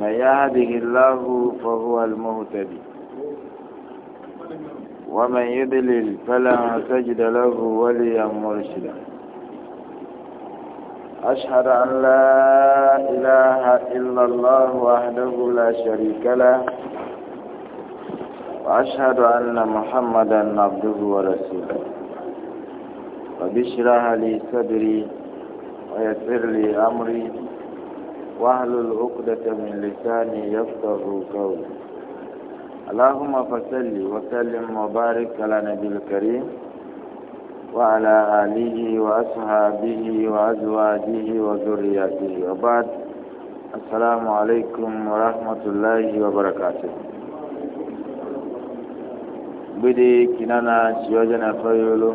من يهده الله فهو المهتدي ومن يضلل فلا تجد له وليا مرشدا أشهد أن لا إله إلا الله وحده لا شريك له وأشهد أن محمدا عبده ورسوله وبشرها لي صدري ويسر لي أمري واحلل عقدة من لساني يفقه قولي اللهم فصل وسلم وبارك على نبي الكريم وعلى آله وأصحابه وأزواجه وذرياته وبعد السلام عليكم ورحمة الله وبركاته بدي kinana sioje na fayolo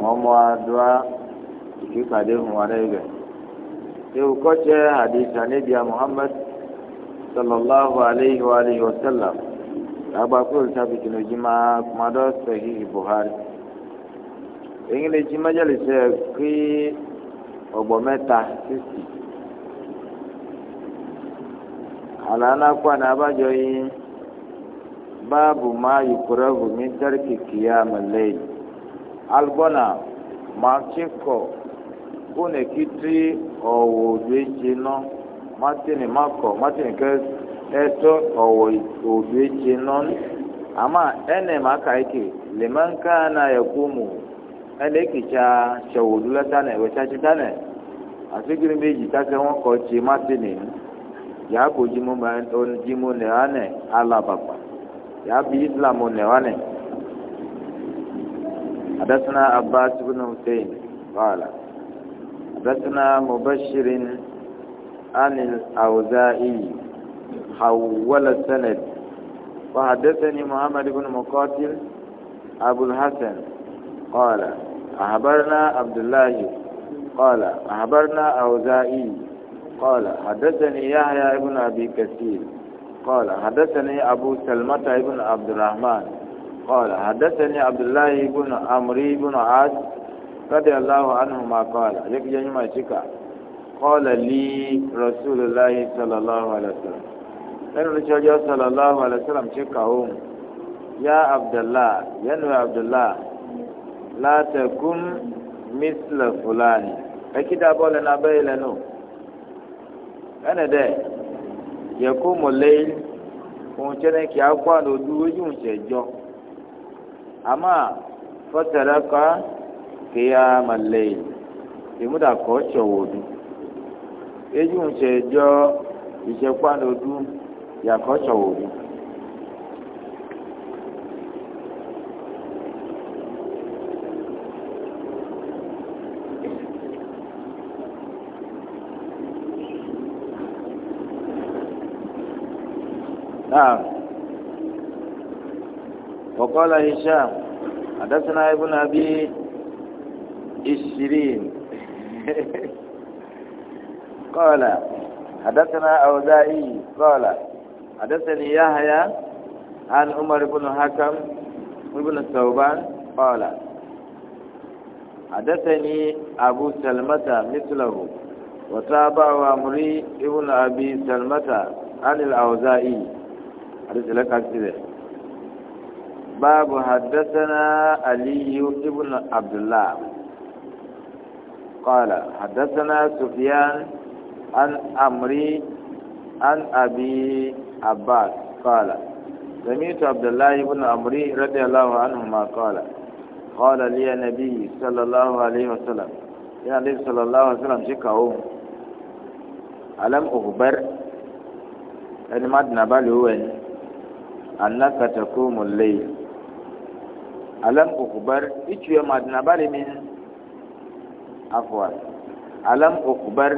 mɔmɔ adua ikikade hun يوكوشي حديث عن نبي محمد صلى الله عليه وآله وسلم أبا كل ثابت نجمع مدى صحيح بخاري èyí lè jí mẹ́jẹ̀lẹ́sẹ̀ kí ọ̀gbọ̀n mẹ́ta sísì àlànà kó àná abájọ yìí báàbù máa yùkúrẹ́ bùnmí tẹ́rìkì kìí àmì lẹ́yìn alùpùpù kóni kìtì ọ̀wọ̀ òdò etse nọ martini makọ martini kẹ ẹtọ ọ̀wọ̀ òdò etse nọ ama ẹnẹ ma ka eke lèmẹ́nká na ẹ̀kú mu ẹnẹ kìtsa sẹ̀wòdú lẹ tanẹ wẹ̀tsatsi tanẹ asikiri méjì kásẹ̀ wọn kọ tsi martini yàgò dzimu mẹ dzimu nẹ wanẹ alabakpa yàbí islam nẹ wanẹ adasana abba sibinu hussein wàhálà. Voilà. حدثنا مبشر عن الأوزائي حول السند وحدثني محمد بن مقاتل أبو الحسن قال أخبرنا عبد الله قال أخبرنا أوزائي قال حدثني يحيى بن أبي كثير قال حدثني أبو سلمة بن عبد الرحمن قال حدثني عبد الله بن عمرو بن عاص radiyallahu anhu ma qala yake je nyuma chika qala li rasulullahi sallallahu alaihi wasallam nanu chojo sallallahu alaihi wasallam chika hum ya abdullah yanu abdullah la takum misla fulani akida bole na bayle no ana de yakumu layl ohun tẹ́lẹ̀ kí a kó àlọ́ dúró yóò ṣẹjọ́ àmọ́ fọ́tẹ̀rẹ́ kan qiyama al-layl imuda ko chowodu eju nche jo ise kwanodu ya ko نعم وقال هشام حدثنا ابن عشرين قال حدثنا أوزائي قال حدثني يحيى عن عمر بن حكم وابن الثوبان قال حدثني أبو سلمة مثله وتابع أمري ابن أبي سلمة عن الأوزائي حدث لك أكثر باب حدثنا علي ابن عبد الله قال حدثنا سفيان عن أمري عن أبي عباس قال سمعت عبد الله بن أمري رضي الله عنهما قال قال لي النبي صلى الله عليه وسلم يا النبي صلى الله عليه وسلم شكاو ألم أخبر أن ما نبالي هو أنك تقوم الليل ألم أخبر إيش يوم ما نبالي من afwan alam ukhbar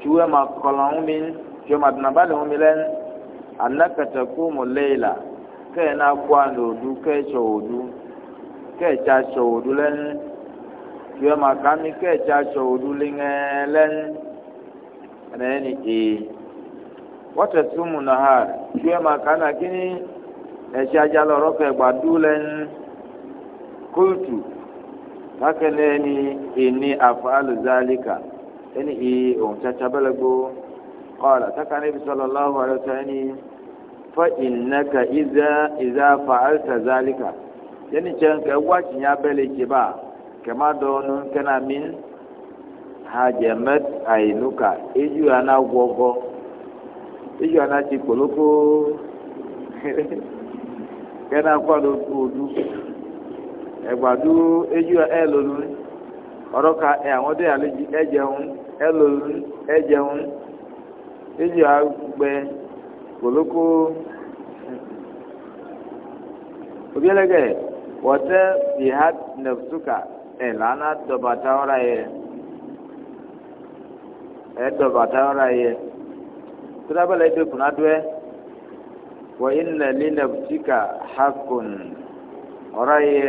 chuwe ma kolaumin chuwe ma dunabali humilen annaka takumu leila ke na kwano du ke chodu ke cha chodu len chuwe ma kami ke cha chodu lingelen nani e wata sumu nahar chuwe ma kana kini e cha jalo roke gbadu len kultu haka ne ni inni af'alu zalika ini i on chacha balago qala taka nabi sallallahu alaihi wasallam fa innaka idza idza fa'alta zalika yani chan ka wachi nya bele ke ba kama don kana min hajamat ainuka eju ana gwogo eju ana ti koloko kana kwa do ẹgbàdo eyi ẹlòlù ọdọka ẹ àwọn ọdẹ àlejò ẹjẹun ẹlòlù ẹjẹun eyi agbẹ kòlókó òbí ẹlẹgẹ wọtẹ bìhá nẹfùtùkà ẹ lànà dọbàtà ọrà yẹ ẹ dọbàtà ọrà yẹ tó dábàlẹ ẹdẹkùn wọ ilẹ ọrà yẹ.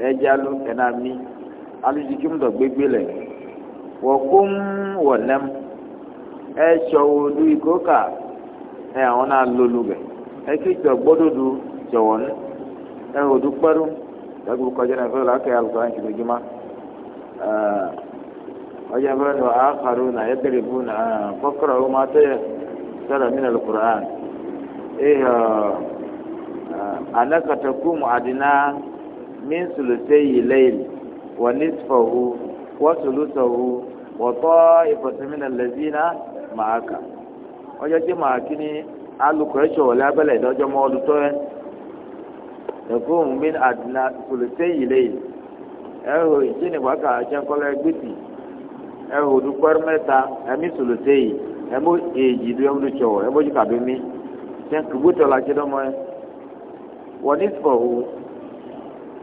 ɛdze alu ɛna mi gbegbe wo du àwọn na lolo gɛ ɛkè tsɔ gbɔdodo tsɔ wɔnu ɛ odu kpɛru ɛgbɛ kɔdze na fɛrɛ lakɛ alukɔ anyi tsi gbema ɛɛ ɔdze fɛrɛ nɔ akaru na ɛkele na ɛɛ ma ee من ثلثي الليل ونصفه وثلثه وطائفة من الذين معك ọjọ́ tí màá kí ni alukọ̀ẹ́ ṣọ̀wọ́lẹ́ abẹ́lẹ̀ ìdọ́jọ́ mọ́ ọdún tó ẹ́ ẹ̀kọ́ òun bí àdínà tòlùtẹ́ yìí lẹ́yìn ẹ̀hò ìjínìwákà àjẹkọ́lẹ́ gbèsè ẹ̀hò dúpẹ́rú mẹ́ta emu tòlùtẹ́ yìí ẹ̀mú èyí ló ń la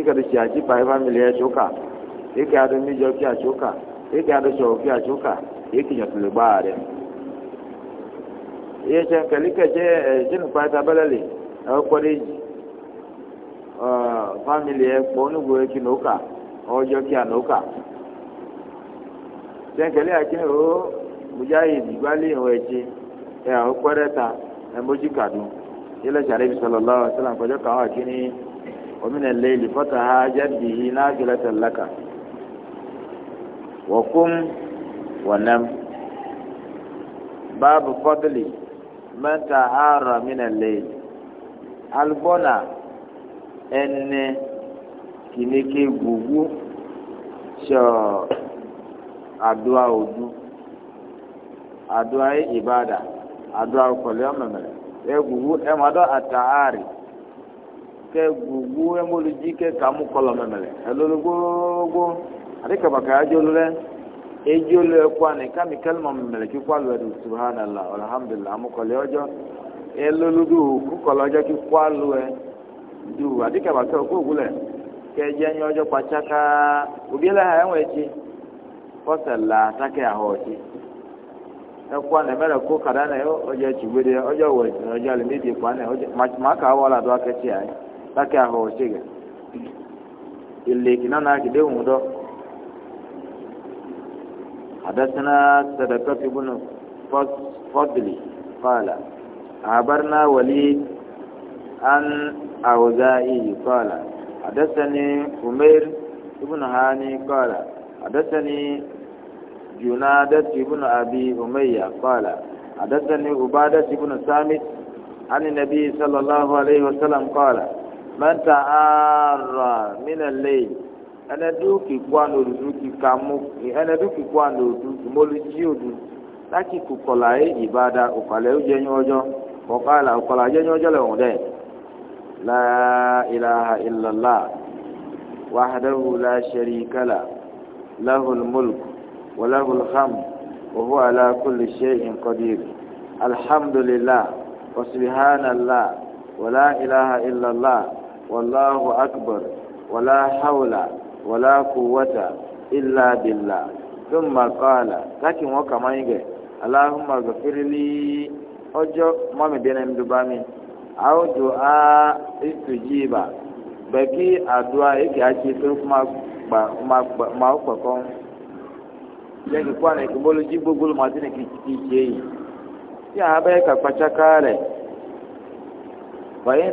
ika da shi aki pai family ya ya mijo ki achoka ya da show ki achoka ika ya tule bare ye chen kalika je jin pai ta balale o kore ji uh family ki noka ki ومن الليل فتهاجد به نافلة لك وقم ونم باب فضل من تهار من الليل البنا ẹnẹ kìnìkì gbogbo sọ àdúrà òdu àdúrà ìbàdà àdúrà òkòlè ọmọmọlẹ ẹ gbogbo ẹ mọdọ àtàárì kɛ gbogbo e ɛmɔlu dzi kɛ kamu kɔlɔ mɛmɛlɛ ɛlɔlɔ gbogbo ale kaba ka adzolo lɛ edzolo ɛkuani kami kɛlima mɛmɛlɛ tsi kɔ alu ɛdi subahana la alhamdulilah ɔdzɔ ɛlɔlɔ du kukɔlɔ ɔdzɔ tsi kɔ alu yɛ du ale kaba kɛ lɛ nyɔ ɔdzɔ obi lɛ ɛwɔ kɔsɛ la ahɔ mɛlɛ kó kada ɔdzɔ tsi gbede ɔdzɔ ɔdzɔ alimidi ɔdzɔ laki ahọ ọchịga ileki na na-akị dị ụmụdọ حدثنا صدقة بن فضلي قال عبرنا وليد عن أوزائي قال حدثني عمير بن هاني قال حدثني جنادة بن أبي أمية قال حدثني عبادة بن سامت عن النبي صلى الله عليه وسلم قال mẹta ara mina lẹyìn ẹnẹ dúkì kó àná òdùdú kì ká mú ẹnẹ dúkì kó àná òdùdú mọlú jí òdù láti kù kọlà yìí ìbáda òkàlẹ̀ ó jẹ́ yánjọ́ kọ̀ọ̀kàlà òkàlà jẹ́ yánjọ́ lẹ́wọ̀n dẹ̀ la ilaha illallah wàhadahu la sharikala lahul mulk wa lahul hamd wa huwa ala kulli shay'in والله أكبر ولا حول ولا قوة إلا بالله ثم قال لكن وكما يقول اللهم اغفر لي أجو ما مبين مدبامي أو دعاء استجيبا بكي أدعاء إكي أشي تلف ما ما أفكم yẹ́n kíkọ́ àná ìkúbọ́lù jí gbogbo máa ti ní kìí ṣe yìí tí rẹ̀ fàyín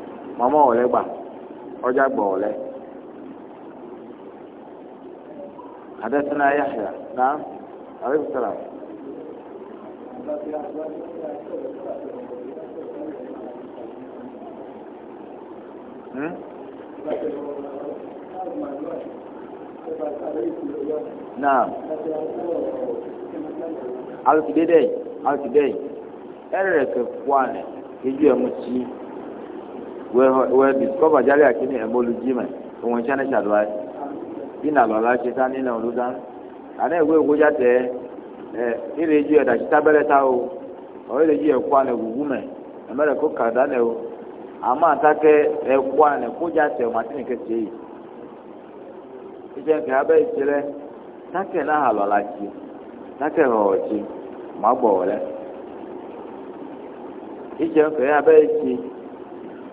mama ọlẹ gbà na gbọ ọlẹ adẹsẹnà na náà àlejò sọlá. Hmm? naam alukidede alukidede ɛrɛ kɛ kuane kedu ɛmu tsi. wee discover jari akini emolu jime òun ṣe ní ṣàdùá yínà lọ́la ṣe ṣe tábẹ́lẹ́ ta o ọ̀rọ̀ ìrèjì ẹ̀kọ́ na ìwúwú mẹ́ ẹ̀mẹ́rẹ̀ kó kàdá nẹ o àmọ́ àtàkẹ́ na àná ìkójà tẹ ọ̀mà tí nìkẹ́ ṣe yìí ìṣe nkẹ́ abẹ́ ìṣẹlẹ̀ tákẹ́ náà abe ichi.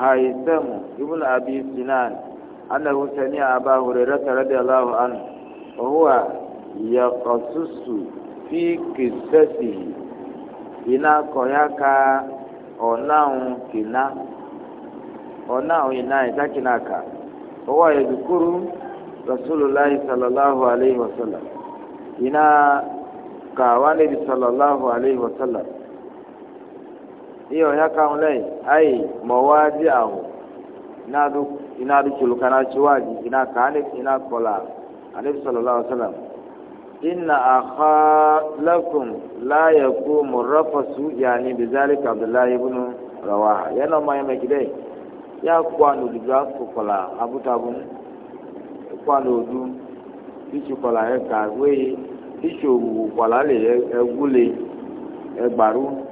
هيثم ابن أبي سنان أنه سمع أبا هريرة رضي الله عنه وهو يقصص في قصته إنا كوياكا أناو كنا أناو إنا إتاكناكا وهو يذكر رسول الله صلى الله عليه وسلم إنا كوانبي صلى الله عليه وسلم iyo ya kan lai ai mawadi ahu ina du ina du kulkana ciwaji ina kanif ina kola alif sallallahu alaihi wasallam inna akha lakum la yakumu rafasu yani bizalika abdullah ibn rawaha yana mai mai kidai ya kwanu diga kola abutabun kwanu du ichi kola ya ka we owu kola le egule egbaru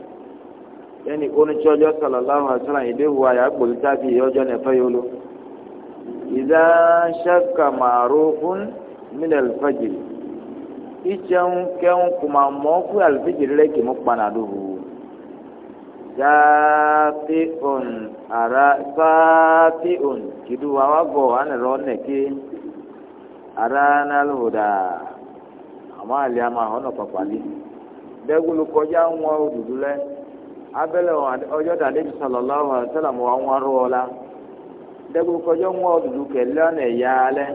yẹni oníṣẹ ọjọ sọlọ láwọn àṣọlá yìí déhùn àyà gbòòlù tábì ọjọ nẹfẹ yìí ló. ìdá ṣẹ́ka màrúfún mílẹ̀ lùfẹ́jìrì ìṣẹ́hun kẹ́hun kò máa mọ́ kú àlùfẹ́jìrì rẹ̀ kì mú panadó hù. sáàtì òun àrà sáàtì òun kìdú àwọn àgọ́ ànàrọ̀ nẹ̀kí àrà náà lòdà àmọ́ àlẹ́ àmọ́ àwọn ọ̀nà bẹ́ẹ̀ wọlé kọjá ń wọ́n abẹ́lẹ̀ ọjọ́ tàdéjì sọlọ́láhùn àtẹ́làmù wa wọn rú ọlá dẹ́gbẹ́ kọjọ́ ń wọ́n dùdú ẹ̀yà alẹ́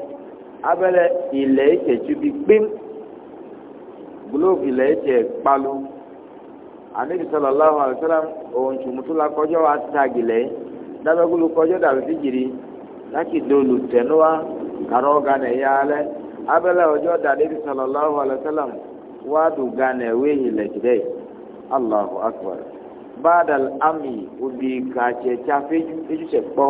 abẹ́lẹ̀ ilẹ̀ ìtẹ̀jú bi gbím gulóòbù ilẹ̀ ìtẹ̀ kpalu àdéjì sọlọ́láhùn àtẹ́làmù òun tùmùtúlá kọjọ́ wa kọjọ́ fìjìrì láti kàrọ́ ẹ̀yà alẹ́ abẹ́lẹ̀ ọjọ́ ilẹ̀ badal ami obi katsɛ tsa fetutse kpɔ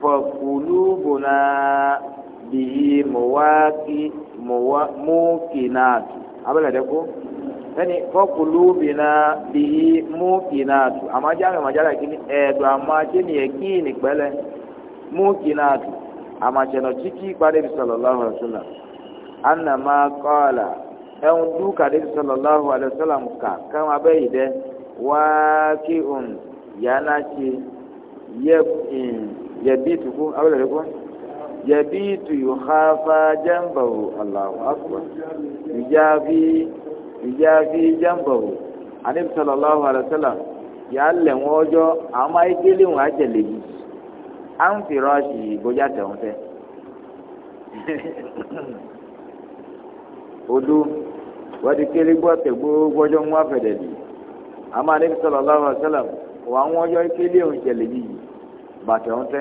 fɔkulu bona bihi mowaki mowa mokinatu abele de ko ɛni fɔkulu bina bihi mokinatu amadzani amadzani kini ɛdo amadze ni eki ni kpɛlɛ mokinatu amatsɛnɔ tsitsi kpa de bi sɔlɔ lɔhɔ sɔlɔ anama kɔla ẹ̀hún dú kàdé sọlọ́láhu alẹ́sọ́làm kà káwọn abẹ́ yìí dẹ wáá kí òun yàrá ṣe yẹ yẹbi tukú abẹ́lẹ̀ rẹ kọ́ yẹbi tuyù hafa jẹ́mbàwò aláwọ̀ akpọ̀ ìjáfi ìjáfi jẹ́mbàwò alẹ́bi sọlọ́láhu alẹ́sọ́làm yàá lẹ̀ wọ́n ọjọ́ àmọ́ ayédèlé wọn àjẹlẹ̀ yìí à ń fi rọ́ọ̀ṣì bójá tẹ̀wọ́n tẹ́ odu wadi kiri gba te gbogbo ọjọ nwa fẹdẹ bi ama anabi sallallahu alaihi wasallam wa àwọn ọjọ kiri òun jẹlẹ yìí bàtẹ òun tẹ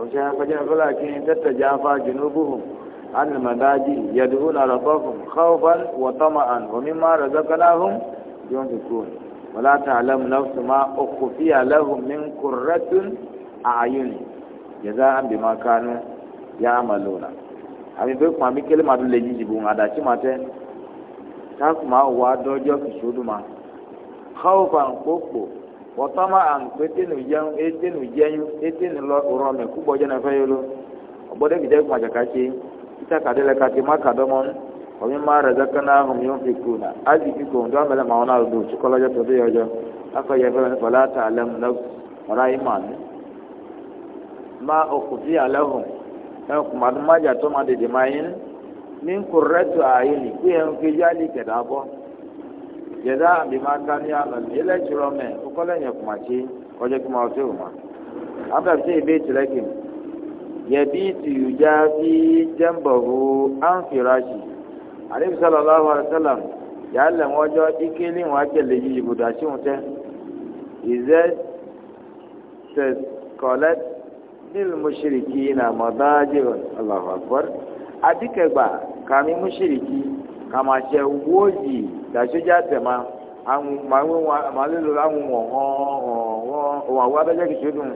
òṣè afẹjẹ nìkọlá kí tẹtẹ jẹ afa junubuhum anamadaji yaduhu na rabafun khawfan wa tama'an wa mimma razaqnahum yunfikun wala ta'lamu nafsu ma ukhfiya lahum min qurratun a'yun jaza'an bima kanu ya'maluna àmì bẹ́ẹ̀ kún àmì kẹ́lẹ́ màdùn lè yíyìí bò ń àdàtì máa tẹ́ káàkó máa wọ adọ́jọ́ kìsódù máa xawufa nkpokpo wọ́tọ́mà ànkó etenu jẹun etenu jẹun etenu rọmẹ kúbọ̀ jẹ́ nàfẹ́ yẹn ló ọ̀gbọ́dọ̀ kìí jẹ́ kó máa jàkà tse títà kàdé lẹ kàtí má kàdọ́ mọ́ wọ́n mi máa rẹ̀ zẹ́kẹ́ náà hùm yóò fi kú nà ájì fi kò ndọ́ mẹlẹ́ wọn náà lò kumadumaja tó ma dèdè ma yin ní nkurẹ́tù àyìnì kú yẹn fi yálì kẹ̀dá bọ́ yẹ̀dá àbí ma ká ní alọ̀ ní ilé ìṣòro mẹ́ kókọ́lẹ̀ yẹn kùmàtí kọjá kí ma ọtí wò ma abẹ́rẹ́ sí ibi ìtìlẹ̀ fi jẹ́mbọ̀hu lil mushiriki na madajirun allahu akbar a duka ba kami mushiriki kama ṣe wóyì dàṣẹjà tẹ̀ma màá lélo láwọn ọ̀hún àwọn abẹ́jẹ́ kìí ṣọdún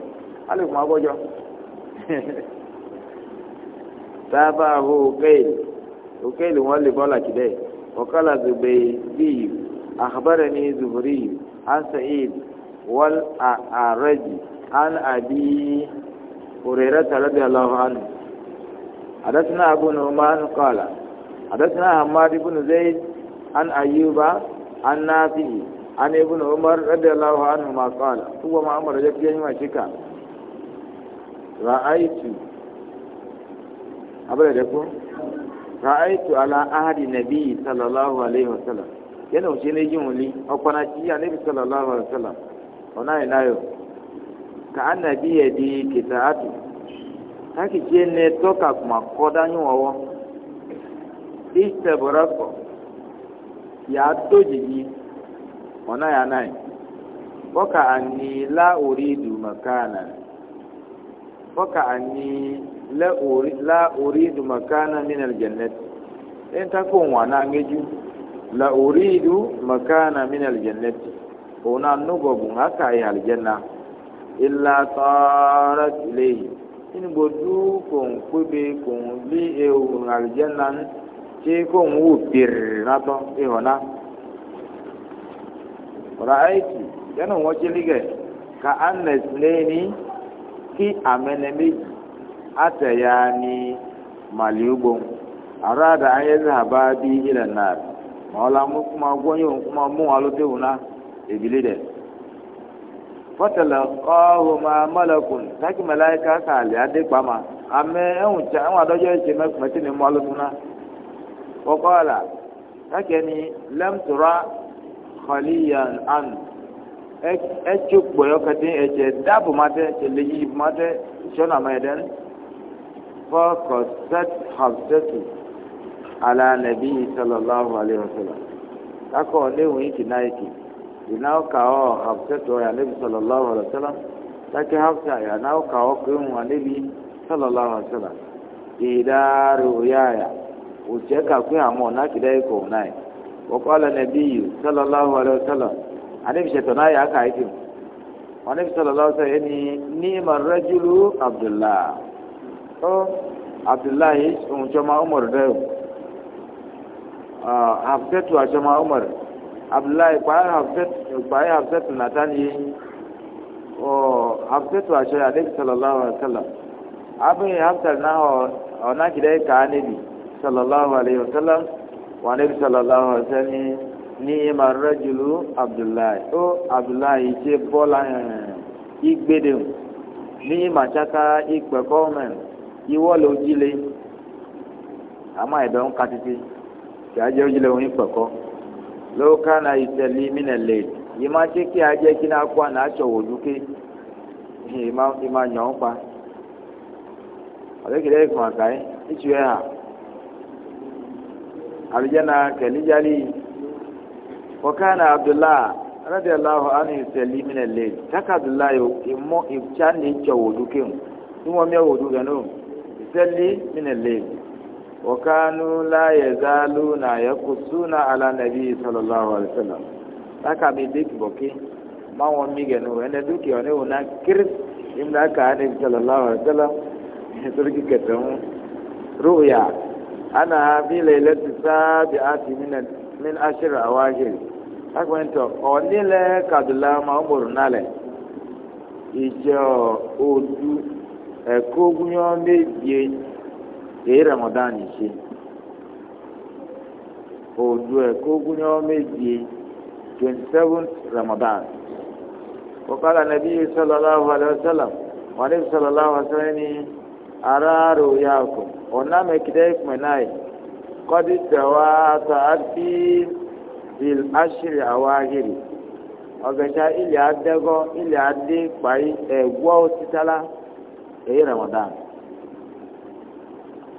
alẹ́kùn abọ́jọ́ sábà hó òkèèlì òkèèlì wọn lè bọ́ọ̀lù àkìdẹ́ ọ̀kọ́là zùbẹ́ bíi àkàbẹ̀rẹ̀ ní zùbẹ́rì ansa eid wọ́n àrẹ́jì an àbí. هريرة رضي الله عنه حدثنا أبو نعمان قال حدثنا حماد بن زيد عن أيوب عن نافع عن ابن عمر رضي الله عنهما قال هو ما عمر يبكي ما شكا رأيت أبدا يقول رأيت على أهد النبي صلى الله عليه وسلم yana wuce ne jin wuli a kwanaki a nabi sallallahu alaihi wasallam kàánà bí ẹ̀dí kìtà àtù kákìtì ẹni tọ́ka kùmà kọ́dá yín wọ́wọ́ ìṣẹ̀bọ̀rọ̀ kọ̀ yàá tó jìjì ọ̀nà yà náà bọ́kà àní lá orí ìdùnnà kàánà bọ́kà àní lá orí ìdùnnà kàánà nínú ìjẹ̀nẹ́tì ẹni tako wọn náà ŋẹ́jú lá orí ìdùnnà kàánà nínú ìjẹ̀nẹ́tì òun náà nùgbọ̀gbọ̀n á kà í àlìjẹ́ náà. ìlà tọ́ọ̀rọ̀ tìlẹ̀ yìí nínú gbòdú kò ń pébe kò ń lé ewu àlùjẹ́ nánú tí kò ń wò pèrè látọ́ ìhọ̀nà. ọ̀rọ̀ àìsí yẹnu wọ́n ti lígẹ̀ ka anes léni kí amẹ́nẹ méjì àtẹ̀yà ni màlíúgbò àràdà ayẹ́sẹ̀ àbá bí ilẹ̀ náà mọ̀ọ́lá mú kúmọ̀ gbọ́nyé òun mú náà èbílẹ̀ dẹ̀. fatalaqahuma malakun taki malaika kaali adi kpama ame ehun tsa ehun adɔjɔ etse mɛkumɛti ni mɔlu tuna kɔkɔla takɛni lɛmtura ni lemtura etso e kpɔyɔ kɛtɛ etse dabu ma tɛ etse leyi ma tɛ tsɔna ma yɛ dɛ fɔkɔsɛt ala nabi sallallahu ne ina ka o hafsa to ya nabi sallallahu alaihi wasallam take hafsa ya na ka o kun wa nabi sallallahu alaihi wasallam idaru yaya uche ka kun amo na kida ko nai wa qala nabi sallallahu alaihi wasallam anabi shetona ya ka aikin nabi sallallahu alaihi wasallam ni ni marrajulu abdullah abdullah is un jama umar da ah, hafsatu a jama umar abdullahi ìpàyà àbùsẹ̀tù nàtàlì ọ̀ àbùsẹ̀tù àṣẹ àdébìsọ̀lọ́láwà ọ̀sẹ̀lá abin hamsar na ona gida ka anabi sallallahu alaihi wasallam wa anabi sallallahu alaihi wasallam ni imar rajulu abdullahi o abdullahi je bola igbede ni machaka ipe komen iwo lo jile ama ebe n katiti ti a je ojile ohun ipe ko lo kana itali minelade yìí máa ṣe kí ajẹ́ kí náà kó àná aṣọ̀wò dúké yìí máa yàn án pa àbẹ́kẹ̀lẹ́ ìkùn àkàyé ìṣù ẹ̀ hà àbíjẹ́nà kẹ̀líjálì wọ́kànnà abdullahi radiyallahu anhu sẹ̀lí minẹ̀ lè káka abdullahi o ìmọ̀ ìṣàní ìṣọ̀wò dúké o tí wọ́n mẹ́ wò náà sẹ̀lí minẹ̀ lè wọ́kànnù láyé zálù náà alánàbí sallallahu alayhi aka mi de kiboki ma wọn mi gẹnu ẹnẹ dúkìá ọ̀nẹ́ wò ná kírí ìmúdá aka ẹni sọlọ lọrọ sọlọ nítorí kíkẹtẹ ana bí lẹ́lẹ́ ti sáábì min aṣèrè àwájèrè agbẹ̀ntọ̀ ọ̀nílẹ̀ kadùlá máa ń gbòòrò odu e ramadan odu 27 Ramadan. وقال النبي صلى الله عليه وسلم ونبي صلى الله عليه وسلم أرى رؤياكم ونام كديك مناي قد تواتعت في في الأشر الأواخر ọgẹ̀ṣà ilẹ̀ adẹ́gọ́ ilẹ̀ adé parí ẹ̀gbọ́ títálá èyí ramadan.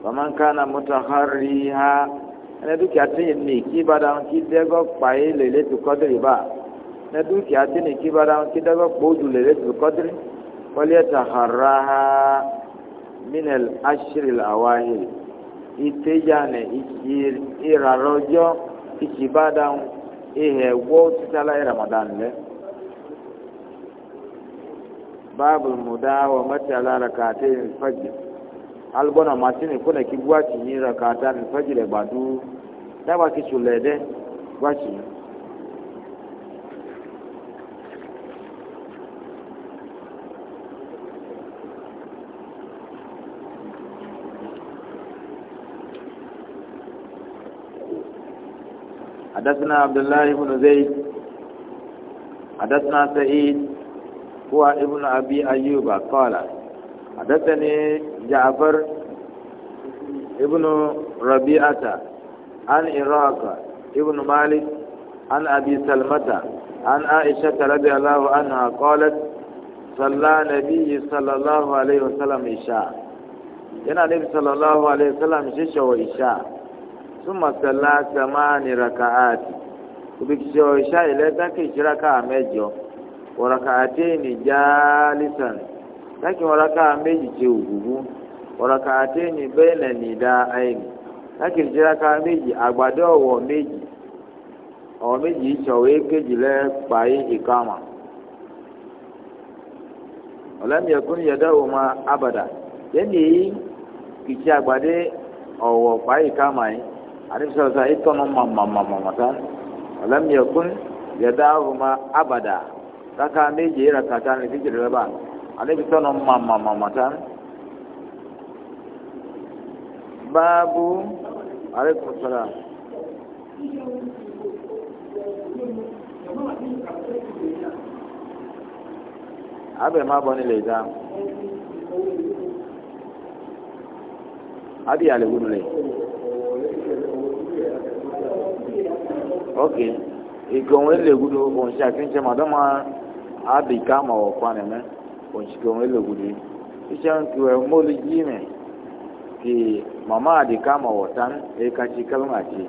wọ́n máa ń ká na mọ́tò ɛnɛ dukia ti ni ni ki ba da ki dɛgɔ kpa ye lele tu kɔdiri ba ɛnɛ dukia ti ni ki ba da ki dɛgɔ kpo du lele tu kɔdiri wali ta haraha minɛl asiri la awahiri iteja ne isi irarɔjɔ isi ba da ihɛ wɔ titala ramadan lɛ baabu mudawa matala rakate fajir alibɔna matini kɔnɛ ki buwati yi rakata fajir ɛgbadu. dábàá kìtù lẹ́ẹ̀dẹ́ wáṣí. حدثنا عبد الله بن زيد حدثنا سعيد هو ابن أبي أيوب قال حدثني جعفر ابن عن إراق ابن مالك عن أبي سلمة عن عائشة رضي الله عنها قالت صلى نبي صلى الله عليه وسلم إشاء yana nabi sallallahu alaihi wasallam shisha wa isha summa salla samani raka'ati kubikisha wa isha ile take shiraka mejo wa raka'ataini jalisan take wa raka'a meji ce ugugu wa raka'ataini baina nida aini láti ìdíraka méjì àgbàdo ọ̀wọ̀ méjì ọ̀wọ̀ méjì ìṣọ̀wé kejì lẹ́ ìkàmà ẹ̀kún yẹ̀dá ma abàdà yẹ́nì èyí àgbàdo ọ̀wọ̀ ìkàmà yìí ẹ̀kún yẹ̀dá ma abàdà méjì yẹ̀rọ ní bá عليكم السلام abin ma bani le da abi ya le gudu ok ikan wani le gudu on shi akin ce madama abi kama wa kwanan nan on shi kan wani le gudu ishe n kiwa moli ji e mama de kama wotan e ka ci kalma ce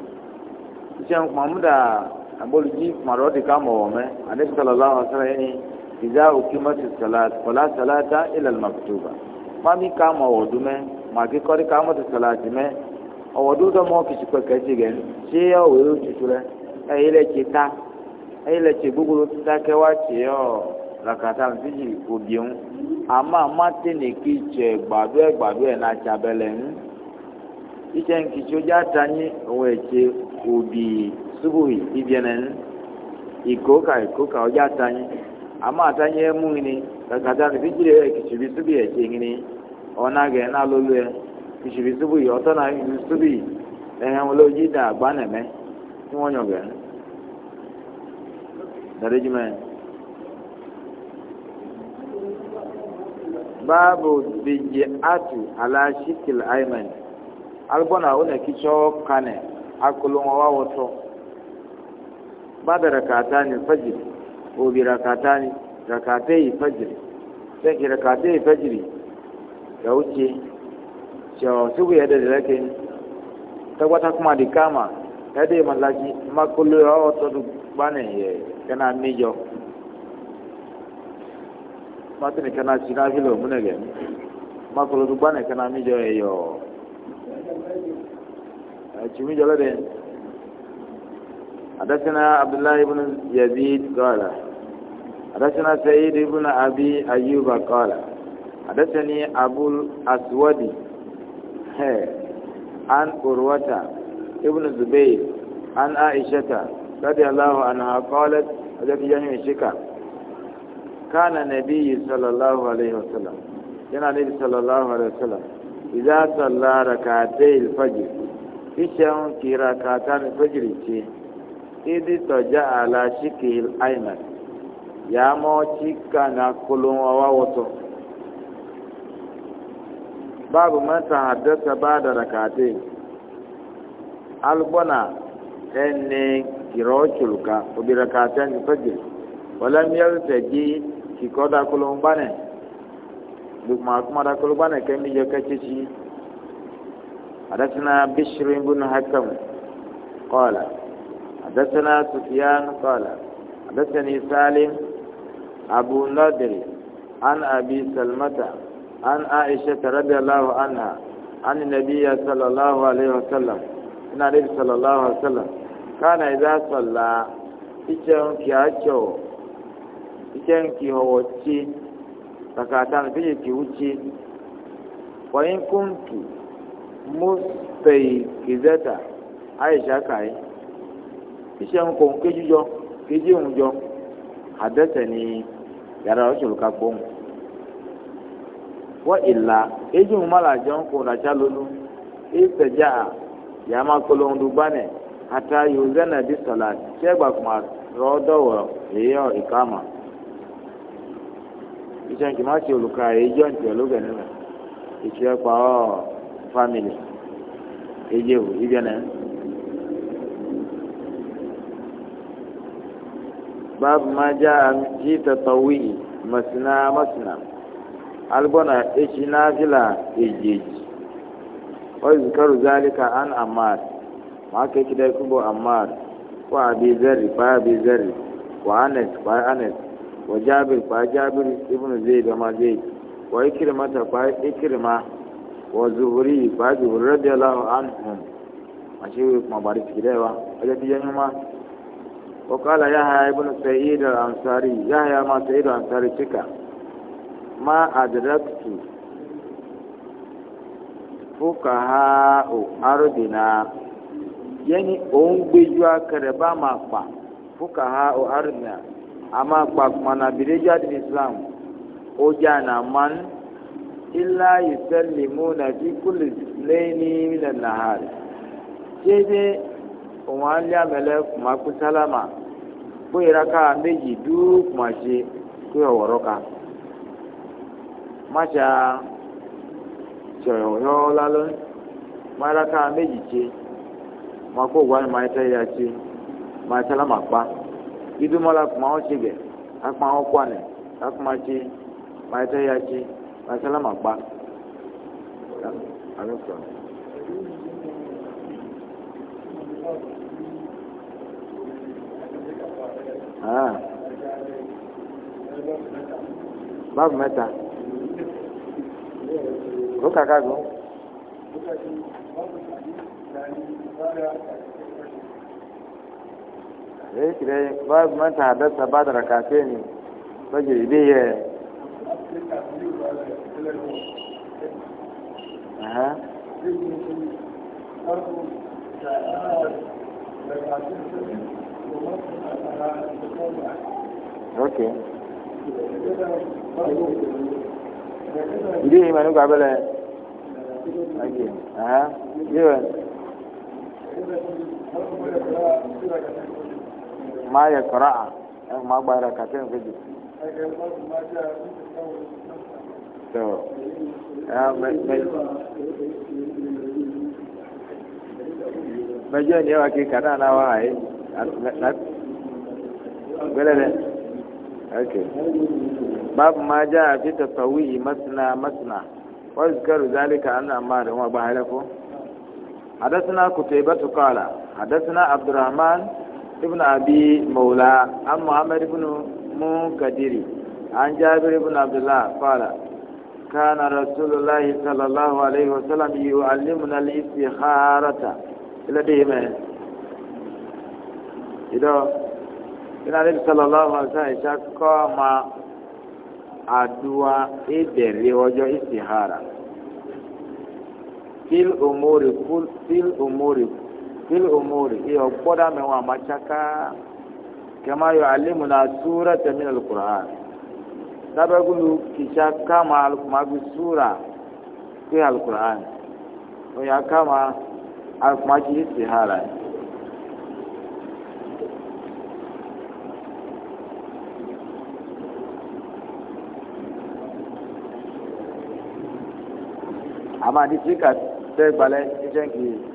isan mamu da abolji maro de kama wa me annabi sallallahu alaihi wasallam ne idza uqimatis salat wala salata illa al maktuba mami kama wa dume ma ki kori kama ta salati me awodu da mo ki ci ko ka ci gen ci ya wo ci tule e ile ci ta e ile ci gugulu ta ke wa ci yo rakata fiji obi ama mate ne ki tse gbadue gbadue na tsa be le ŋu hmm? itse nyi etse obi subuhi ibie ne hmm? ikoka ikoka wo dza ta ama ata emu ŋini rakata fiji le kitso bi subuhi etse ŋini ɔna ge na e, bi subuhi na subuhi wolo babu bigi atu ala shikil aiman albona una kicho kane akulun wa wato bada rakata ne fajiri ko bi rakata ne rakata yi fajiri sai ki rakata yi fajiri da wuce cewa su ya da ta wata kuma di kama ya dai mallaki makullu wa wato duk bane ya kana mijo matini kana si na vile mune gen ma kolo du bane kana mi jo yo eh, chimi jo le ibn yazid ibn abi abul aswadi he an urwata ibn zubair an aishata radiyallahu anha shika kana nabiyyi sallallahu alaihi wasallam yana nabi sallallahu alaihi wasallam idza salla rak'atay al-fajr ishan ki rak'atan al-fajr ce idi toja ala shiki al-ayman ya mo chika na kulun wa wato babu man tahaddasa ba'da rak'atay albona enne kiro chulka ubi rak'atan al-fajr ولم يرتجي kɔ da kolo ŋgbanɛ duguma kuma da kolo ŋgbanɛ kɛ mi yɛ kɛ tsitsi adasana bishiri bunu hakam kɔɔla adasana sufiyan kɔɔla adasani salim abu nadiri an abi salmata an aisha radiyallahu anha an nabiya sallallahu alaihi wasallam ina nabi sallallahu alaihi wasallam kana idza salla icce kiacho ichen ki howo chi kaka tan fi ki uchi wa in kuntu mustay kizata aisha kai ichen ko keju jo keji un jo hadese ni yara osul ka gbon wa illa eji un mala jo ko na chalolu istaja ya ma kolon dubane hata yuzana bi salat shegba kuma rodowo eyo ikama ìṣẹ́nkì má ṣe olùkà èjọ́ ìjọ lóge nínú ìṣẹ́ pa ọ́ fámìlì èyí ò ìjọ náà. báàbù máa já jí tọ̀tọ̀ wíyì mọ̀sínà mọ̀sínà albọ́nà èṣì náà fìlà èjèèjì ó ìzùkọ́rù zálíkà án àmàr màá kékeré kúbọ̀ àmàr kó àbí zẹ́rì pa àbí zẹ́rì wà ánẹ̀t pa ánẹ̀t. wa jabir fa jabir ibn zaid ma zaid wa ikrimata fa ikrima wa zuhri fa zuhri radiyallahu anhum ashe kuma bari ciki da yawa aje tiyan ma wa ya yahya ibn sa'id al-ansari ya yahya ma sa'id al-ansari cika ma adraktu fukaha ardina yani on gbeju akare ba ma pa fukaha ardina ama mkpa akwụna abiria ndị islam ọ dị na man ila ise na imu na ikulu leenịn na haịrị ndị ebe ọ nwee anlịa amelee maa nkpọsi ma bụ ka meji dịụ ma atsị kpọọ ọhụrụ ka ma cha choyuo la ka meji tse ma kụọ ụwa ma ịta ya tsi ma ịtụ ma kpa. idumɔla kuma wo tsi gɛ akuma wo kɔ anɛ akuma tsi mayɛtɛ ya tsi mayɛtɛ ma kpa alo sɔ. báàbù mẹ́ta ó kàkà gùn shirye-shirye babu manta haddasa ba da rakafe ne fajir biye ok ndi imanu gabele ok aha yiwe Thank you ma ya qira'a eh ma gba rak'atain fajr to ah bajo ne wa ke kana na wa ai gwelele okay babu ma ja fi tatawi masna masna واذكر ذلك أن أمار وما بعلكم حدثنا قتيبة قال حدثنا عبد الرحمن ibn abi maula an muhammad ibn munkadiri an jabir ibn abdullah qala kana rasulullahi sallallahu alaihi wasallam yu'allimuna al-istikharata ila dime ido ina nabi sallallahu alaihi wasallam shakko ma adua ibere ojo istikhara fil umuri kul fil umuri fil umuri iyo gboda me wa machaka kama yo alimu na sura ta min alquran dabe gulu kisha kama alkumagu sura fi alquran o oh, ya kama alkumaji istihala ama di sika tẹ gbalẹ iṣẹ nkiri.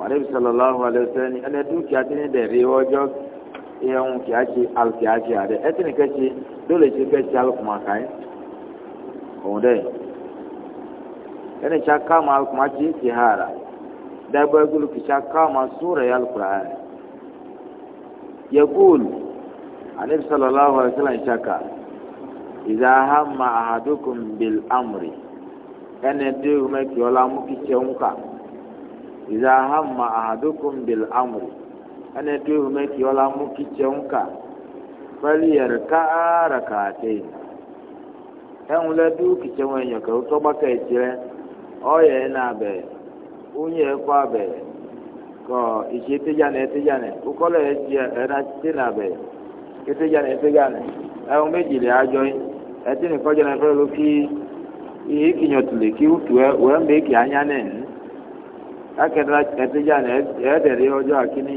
wàlẹ́bí sọlọ́lá wàlẹ́sẹ́ ni ẹni dúkìá tí ní dẹ̀rí ọjọ́ ẹ̀hún kìá ṣe alùkìá ṣe àdẹ ẹtì ní kẹ́ṣe lóòlè ṣe kẹ́ṣe alùkùmá káyé òun dẹ̀ ẹni ṣe akáàmù alùkùmá ṣe é ti hà rà dábọ́ ẹgbẹ́lu kì ṣe akáàmù asúrẹ̀ yà alùkùrà rẹ̀ yẹgúùlù àlẹ́bí sọlọ́lá wàlẹ́sẹ́ là ń ṣàkà ìdá hàmà àhàdókùn bìl àmùrì ẹni dé ọmọ ẹkẹ ọlá mú ṣe ń kà. ìdá hama àhàdókòm bìl amù ẹni tó ihu mẹ́kì ọlá mú kíkyẹ́ ń kà fẹ́lí yẹrẹ káàrà kàtẹ́ yìí ẹ̀hún lẹ́dú kíkyẹ́ wọn ẹ̀yàn kẹ́wọ́ tọ́gbà kẹ́ẹ̀tì rẹ ọ̀yẹ́ ẹ̀ nà bẹ̀ oúnjẹ ẹ̀kọ́ abẹ̀ kọ́ ìṣe akẹ́dọ̀rọ̀ ẹ̀tẹ́jà ní ẹ̀ẹ́dẹ̀rẹ́ ọjọ́ àkíní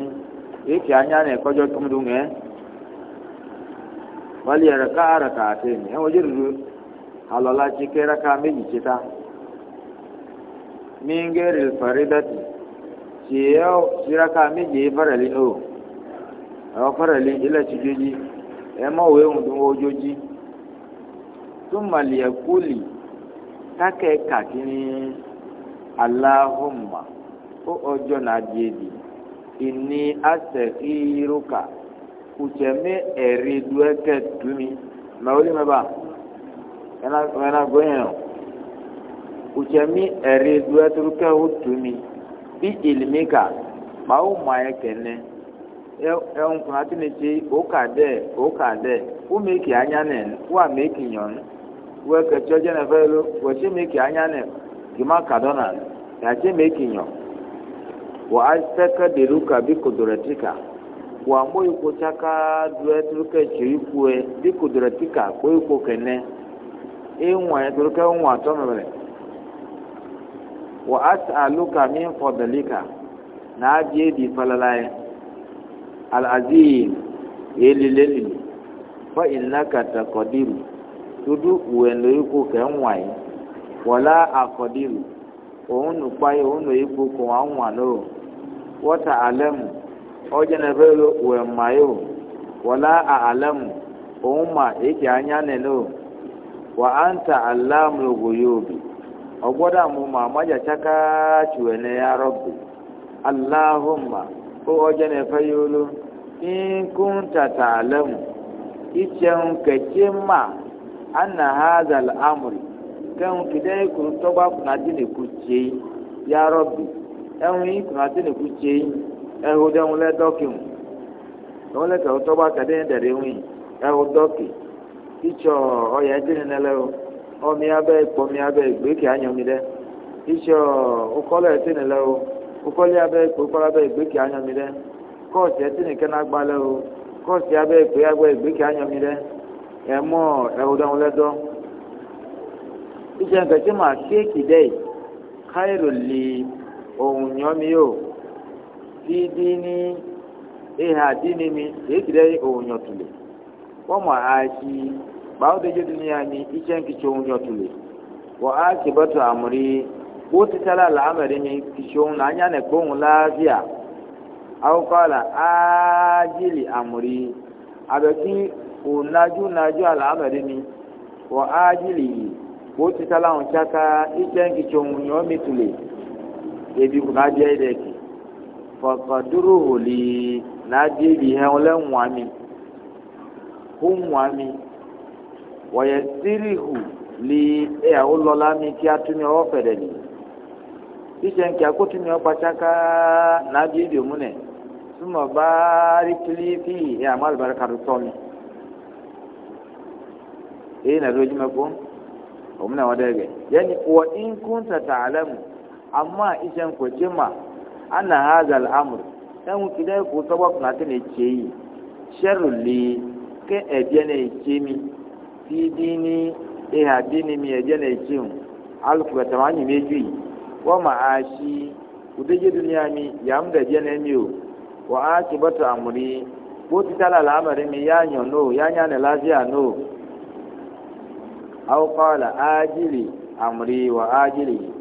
èkì anya ní ẹ̀kọ́jọ́ tó ń dùn ẹ́ wálé ẹ̀rẹ̀ká àrẹ̀ká àti ẹ̀mí ẹ̀wọ̀n ojú dúdú alọ́lá tí kẹ́rẹ́ká méjì tí ta mingeri faridati tí ẹ̀ ṣíraká méjì fẹ́rẹ̀lì ó ẹ̀wọ̀n fẹ́rẹ̀lì ilẹ̀ tí jójí ẹ̀ mọ̀wé òǹdùn ojójí túmọ̀lì ẹ̀kúlì kákẹ́ kàkiri aláhùnmá. o ọjọ n'adie di ìní asẹ iru ka kùtẹ mi ẹrí duẹ kẹ tùmí mẹ olú mi bá mẹ na gbé yẹn o kùtẹ mi ẹrí duẹ turu kẹ o tùmí bí ìlú mi ka mà ó mọ ayé kẹne ẹ ẹ nkùnà tí mi ti o kà dẹ o kà dẹ o mi kì anya nẹ o à mi kì yàn wọ́n kẹ́ tí ọjọ́ náà fẹ́ lọ wọ́n ti mi kì anya nẹ kì má kà dọ́nà yàtí mi kì yàn. wa astakdiruka biqudratika wa mo iko chaka due turuke chirikue biqudratika ko iko kene inwa turuke nwa to mele wa as'aluka min fadlika na je di falalai al azim yelileli fa innaka taqdiru tudu uwendo iko kenwa yi wala aqdiru òun nùpáyé òun nù ipò kò wá wata alamu ọjọ́ na ebe wee mma ya o wala a alamu òun ma èkì anya nìlẹ o wà á ń ta alamu lògò yóò bì ma maja chaka chùwẹ̀ ní ya rọ́bì aláhùnmá ó ọjọ́ na efe yóò lò nkún tata alamu ma. kẹ̀kẹ́ mà ana hazal amri kẹ́hùn kìdẹ́ kùrù tọ́gbà ku tse ya rọ́bì. ẹ̀hún yìí kùnà tí nìkú tse yìí ẹ̀hún dẹ́hún lẹ́ dọ́kì hù ẹ̀hún lẹ́ kẹ̀hún tọ́ba kẹ́dẹ́ yẹn dẹ̀rẹ̀ hù yìí ẹ̀hún dọ́kì ìtsọ̀ ọ̀yà ẹ̀dín ni lẹ́ o ọ̀mí abẹ́ ìkpọ̀mí abẹ́ ìgbékè anyọ̀mí dẹ́ ìtsọ̀ ọkọlẹ̀ ẹ̀dín ni lẹ́ o ọkọlẹ̀ abẹ́ ìkpọ̀kọlẹ̀ abẹ́ ìgbékè gba o ohun nyɔmi o fi dini eha dini mi ekele ohun nyɔtule wɔmɔ aasi bawo de dzo dini ya mi itse nkitse ohun nyɔtule wɔ aasi bɛtɔ amuri wo titala la amɛri mi kitse ohun na anya ne kpohun laafia awo kɔla aadili amuri abɛki onaju naju ala amɛri mi wɔ aadili wo titala ohun tsaka itse nkitse ohun nyɔmi tule. ebi kuna adi ayi dɛki fɔkɔduru holi n'adi ebi hɛn lɛ ŋuami ko ŋuami wɔyɛ sirihu li eya wòlɔla mi kí atumi ɔwɔ fɛ dɛ li titɛ nkì akutumi ɔkpatsaka n'adi ebi omu nɛ sumɔ baari kili fi eya mo alibarika do tɔ eyi na do edwuma ko omu na wɔ dɛ gɛ wɔ inkun tata alɛ mu. amma ishen kwace ma ana haza al'amur ɗan kidai ku saba kuna ta ne ce yi sharrun le kan ebiya ne ce mi fi dini iha e dini mi ebiya ne ce mu alkuka ta wani me juyi wa ma'ashi ku dage duniya mi ya mu da ebiya ne mi o wa aki bata amuri ko ti tala al'amari mi ya nyo no ya nya ne lafiya no au qala ajili amri wa ajili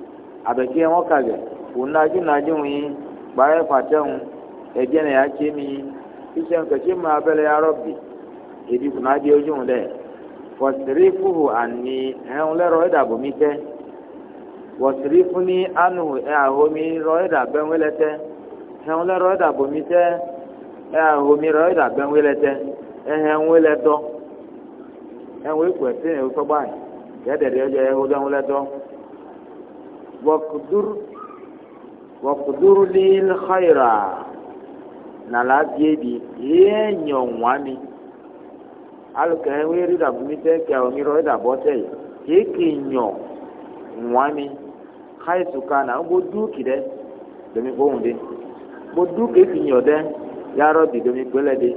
abeki wọn kage unaju gbaa efa bae fatahun eje na ya ise nke chemi abele ya rabbi ebi kuna je oju de wasirifuhu anni ehun lero idabo mi te wasirifuni anu e ahomi ro idabe nwelete ehun lero bụ mi te e nwelete ehe wakudur wakudur lil khaira na labie bi ye nyɔnwani alukɛ weri da bumi tɛ kɛ onirɔ da bɔ tɛ ye keke nyɔ nwani haitu kana o bo domi kpohun de bo duki eki nyɔ dɛ yarɔ bi domi gbelɛ de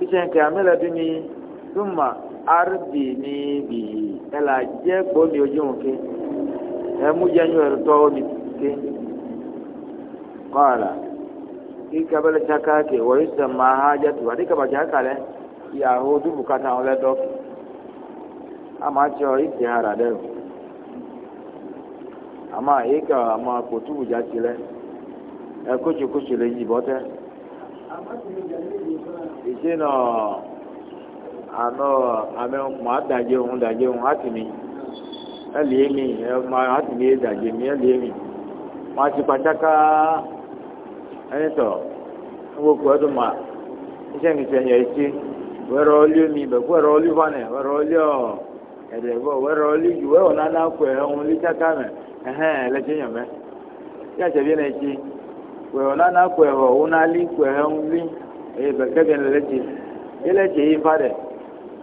kisɛn kɛ amɛlɛ bi ni tuma arbi ni bi ɛla jɛ gbɔ mi ojú wọn ke ẹmújẹnyọ ẹrùtọ òní ké kọọlà kí kábẹlẹ tsaka ké wọ́n yìí sẹ́mu ahájá tó àti kàbàjá kalẹ̀ yàhó dùbù kàtà wọn lẹ dọ́kì amatsɔ ìtì hara ɖe o ama yi ka ama kpotu budza tsi lɛ ɛkotso kotso le yibɔ tɛ ìdí nɔ anɔ amɛ ŋkpɔn adadze ŋu dadze ŋu atimi. ẹlì èmi mi ma ti pàtàkà ẹni gbogbo mi sẹ́yìn ẹtí mi bẹ̀kú wẹ́rẹ́ ọlí fanẹ̀ wẹ́rẹ́ ọlí ọ̀ ẹ̀dẹ̀gbọ́ wẹ́rẹ́ ọlí ju wẹ́wọ̀ nana kọ ẹ̀ ọ̀hún lí káká mẹ́ ẹ̀hẹ́n yàn mẹ́ kí àṣẹbí ẹ̀ ẹtí wẹ́wọ̀ nánà kọ nálí kọ lí yìí fa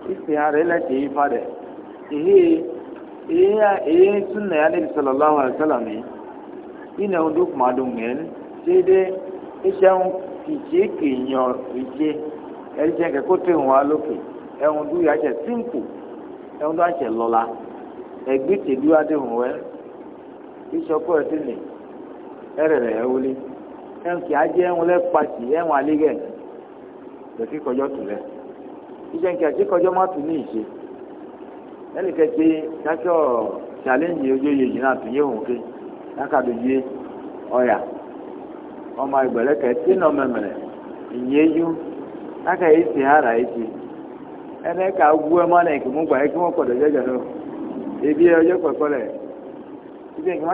ìsìn ara yìí fa ìhí ee sunna ya nabi sallallahu alaihi wasallam ina ndu kuma do ngel sede ishan kiche kinyo iche elje ke kote wa loke ehun du ya che simple ehun a che lola egbe te du ade hun we ni etini erere ewuli ehun ki aje ehun le pati ehun alige lọ sí kọjọ tù lẹ iṣẹ́ nkẹ́ àti kọjọ má tù ní ìṣe. e kẹ́kẹ́ káṣọ́ challenge ojú yèyí náà tún yé òun ké lákàdó yé ọ̀yà ọmọ ìgbẹ̀lẹ́kẹ̀ tí nà mẹ́mẹ́rẹ̀ ìyẹ́jú lákà yìí ti hàrà yìí ti ẹnẹ́ ká wú ẹ mọ́lẹ̀ kí mú gbà yẹ kí wọ́n pọ̀dọ̀ jẹ́jẹ́ náà ebi ọjọ́ ibi má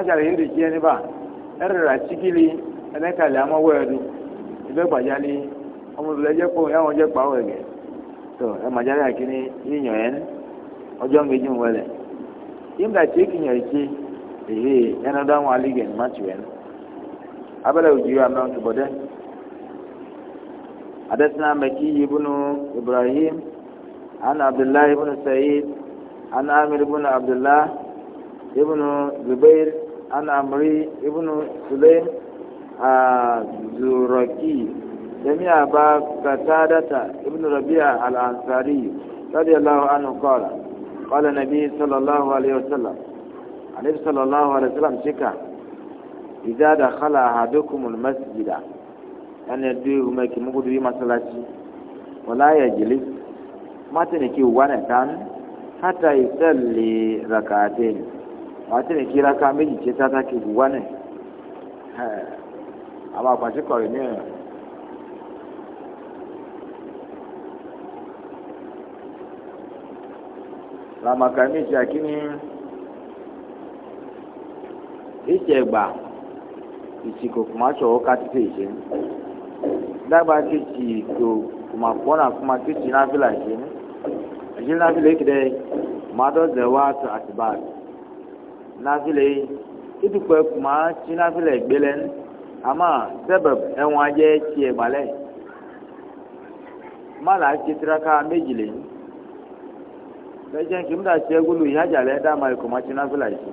ká ẹ̀ ọjọ́ méjì ń wẹlẹ̀ yínká tí kìnyẹn ìtì èyí ẹnu dáhùn alígẹ̀ ní mátì wẹ̀ ní abẹ́rẹ́ òjì yóò amẹ́ ọ̀tún bọ̀dẹ́ adẹ́sínà mẹ́kì yìí ibrahim ana abdullahi bínú sayid ana amir bínú abdullahi ibnu zubair ana amri ibnu sulaim azuraki جميع أبا قتادة ابن ربيع الأنصاري رضي الله عنه قال قال النبي صلى الله عليه وسلم النبي صلى الله عليه وسلم شكا إذا دخل أحدكم المسجد أن يدعو ما كي مقود ولا يجلس ما تنكي وانا كان حتى يصلي ركعتين ما تنكي ركع ميجي تتاكي وانا أما أقول شكرا lamaka méjì akínní ìjẹgba ìsìkò kùmàtsọ katitẹ ìṣe dàgbà kìtì tó kùmàkpọ́nà kùmà kìtì nàfìlà ìṣe ìṣe nàfìlà ìkìdẹ màdọ́zẹ̀ wà tó àtìbà nàfìlà ìdìpọ̀ kùmàtsì nàfìlà ìgbélẹ̀ àmà sẹ́bẹ̀ ẹ̀wọ̀n ajẹ́ tiẹ̀ gbalẹ̀ mọ́lá kìtìraka méjì lẹ́yìn. lẹ́jẹ́ kí n dà ṣe gbólù ìyájà lẹ́ dá máa ìkọ̀mọ́ ṣe náfìlà ìṣe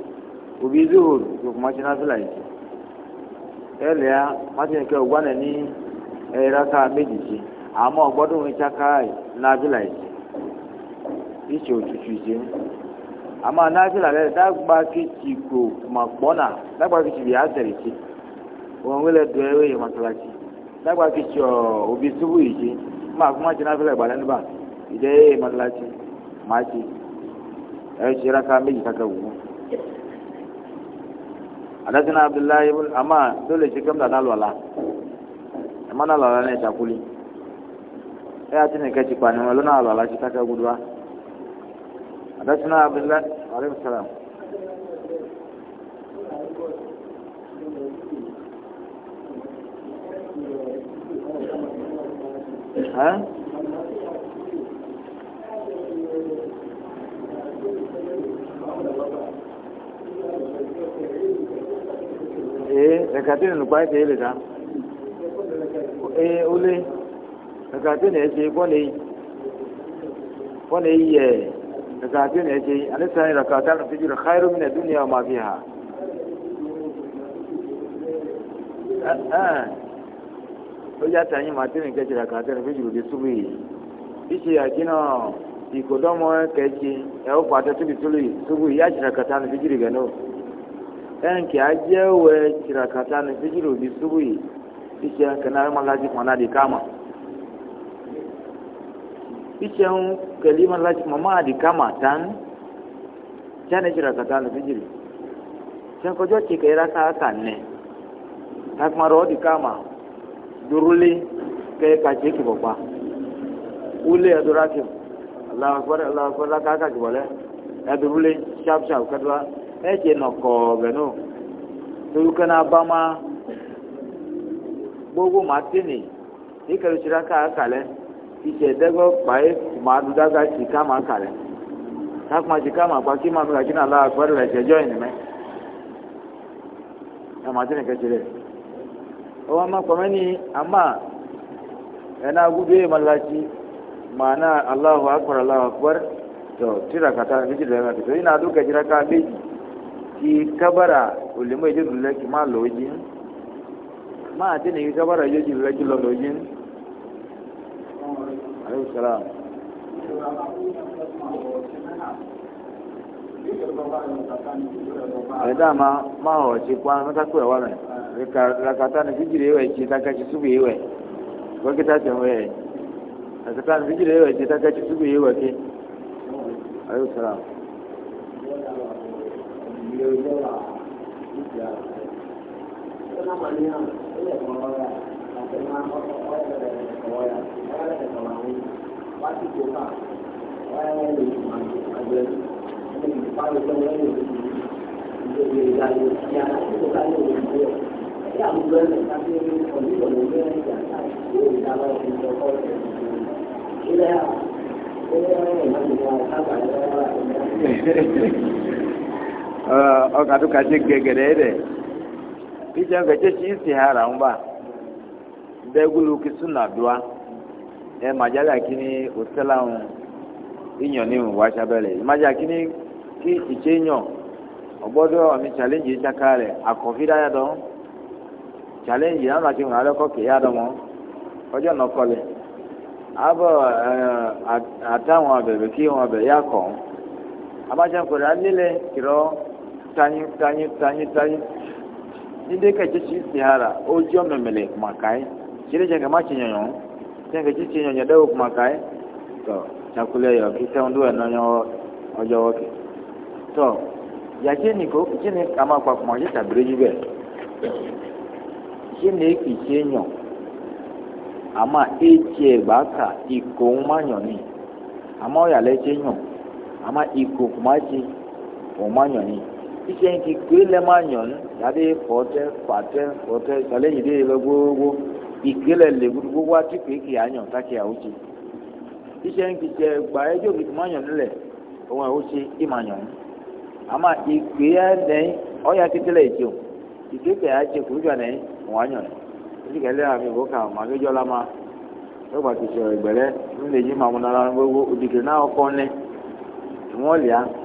òbí zuhur ìkọ̀mọ́ ṣe náfìlà ìṣe ẹ lẹ́ a martin kẹ́ ọgbà ní ẹ̀ráka méjì ṣe àmọ́ ọgbọ́dún ní ṣáká náfìlà ìṣe ìṣe òtútù ìṣe àmọ́ náfìlà lẹ́ dàgbà kìtì kò mà pọ́nà kìtì ṣe òun wílẹ̀ dùn ẹ̀rọ ìyẹn máa ṣe ẹ ṣe raka méjì kaka wù ú. àdásínà abdullahi àmà tó lè ṣe kẹ́mdà náà lọ́la ẹ má náà lọ́la náà ṣàkúlì ẹ àti nìkẹ́ ti pàníwọ̀n ló náà lọ́la ṣe kaka gudu wa. àdásínà abdullahi aleyhi salaam. Huh? rakatini lukpa ete ele ta ee ole rakatini ese bɔle bɔle yɛ rakatini ese ale sani rakatani fitiri xayiro mina duniya ma fi ha ɛn o ya ta nyi ma tini kɛ jira rakatini fitiri de sugu ye bisi akinɔ ikodɔmɔ kɛ tsi ɛwɔ fa tɛ tobi tulu ye sugu ye ya jira rakatani fitiri kɛ n'o ẹnkì ajẹ́wò ẹ tìràkàtà ní fíjìlì òbí ṣubú yìí iṣẹ́ kẹ̀nà mọ́lájì pọ̀n láti káàmà iṣẹ́ ń kẹ̀lí mọ́lájì pọ̀n máa di káàmà tán jáde tìràkàtà ní fíjìlì sẹ́kọ̀jọ́ ti kẹ́ ẹ̀rá káàkà nẹ̀ takumarọ̀ ọ̀dì káàmà dorólé kẹ́ ẹ̀ka tse kìbọ̀ pa wúlé ẹ̀dọ́rà kìm aláwọ̀ akpọ̀rẹ́ aláwọ̀ akpọ̀rẹ́ lákàkà kìbọ̀ lẹ́ ẹ̀dọ́rólé ṣáp ṣáp kẹ́dọ́rà ɛtsɛ nɔkɔɔ bɛnu torí kɛ n'aba ma gbogbo ma tini ìkẹlẹ tsi ɖaka aka lɛ ìtsɛ dɛgbɛ kpaɛ ma du ɖaka tsi kama aka lɛ k'akuma tsi kama kpa kí ma mi gàtsi n'ala akpɛ ɖe le ɛtsɛ dzɔ yin mɛ ɛma tini kɛtsi lɛ ɔwɔ ama kpɔmɛ ni ama ɛna gudu yɛ ma latsi maana alahu akpɔr alahu akpɔr tɔ tsi ɖaka ta ɛdi tsi ɖaka tɔ yina do kɛtsi ɖaka beji ki kabara ulimo ijo dule ki ma loji ma ati ni ki kabara ijo dule ki lo loji alayhi salam ẹ̀dá ma ma ọ̀ ti pa mẹ́tàkùn ẹ̀wà rẹ̀ rakata ni fijiri ewẹ̀ ti takachi subu ewẹ̀ dókítà tẹ̀ wẹ̀ rakata ni fijiri ewẹ̀ ti takachi subu ewẹ̀ ké alayhi salam ìlú ìjọba ọkà tó kàtí gẹgẹrẹ dẹ ìjà gẹjẹ tí ń sì ń bá dẹgúlù kìsùn nàdúrà ẹ màjálà kìíní òsèláhùn ìyàn ní ìwà sábẹlẹ ìmájà kí ìtsẹ yàn ọgbọdọ ọmọ challenge yìí rẹ dáyà dọ challenge yìí yà dọ mọ ọjọ abọ ẹ àtàwọn abẹbẹ kí wọn abẹ yà kọ kìrọ. tanyi tanyi tanyi tanyi inde ka ce ci sihara o jiyo memele kuma kai shi da jaka mace yanyo sai ka ci ci yanyo da kuma kai to chakule yo ki sai nduwa na ya ce ni ko ki ne kama kwa kuma ya tabire jibe shi ne ki ce yanyo ama eje gbaka iko ma yan ama o ya le ama iko kuma ce o ma iṣẹ́ ń kí gbé lẹ́mọ̀ àyàn yàrá fọ́tẹ́ pàtẹ́ fọ́tẹ́ ìsàlẹ̀yìn dé lọ gbogbo ìgbélẹ̀ lè gbogbo wá tí pé kì í àyàn káàkì àwòṣe iṣẹ́ ń kí jẹ gbà ẹjọ́ nílẹ̀ òun àwòṣe àmà ẹnẹ́yìn ọ̀yà kékeré nẹ́yìn òun àyàn àmì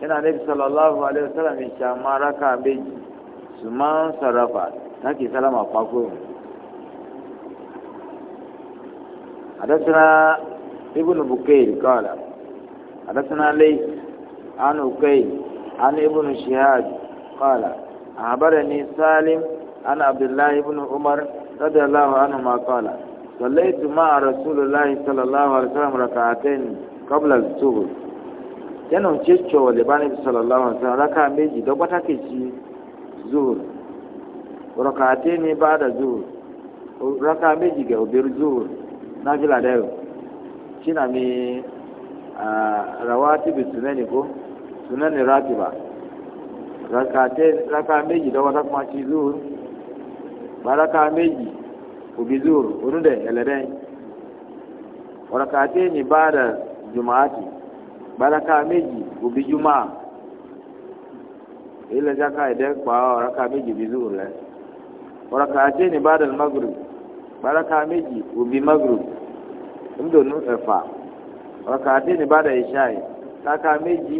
yana nabi sallallahu alaihi wasallam ya ma raka meji su ma sarrafa nake salama kwakwo حدثنا ابن بكير قال حدثنا ليث عن أكيل عن ابن شهاد قال أخبرني سالم عن عبد الله بن عمر رضي الله عنهما قال صليت مع رسول الله صلى الله عليه وسلم ركعتين قبل السبل yana wuce cewa libani sallallahu alaihi wasallam raka meji da kwata ke ci zuhur rakate ne ba da zuhur raka meji ga ubir zuhur na fila da yau shi na mi rawati bi sunani ko sunani ratiba rakate raka meji da kwata kuma ci zuhur ba raka meji ubi zuhur wani da yalade rakate ne ba da juma'ati gbalaka obi òbí juma ilẹ̀ jaka ẹ̀dẹ́ kpa ọ̀raka méjì òbí zuhur lẹ ọ̀raka àti ní badal gbalaka ndonu ẹ̀fà ọ̀raka àti ní badal ishai taka meji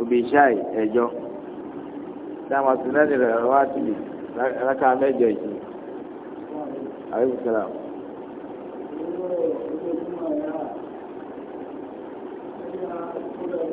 obi ishai ẹ̀jọ dàmà sinani rẹ̀ wá méjọ ìṣe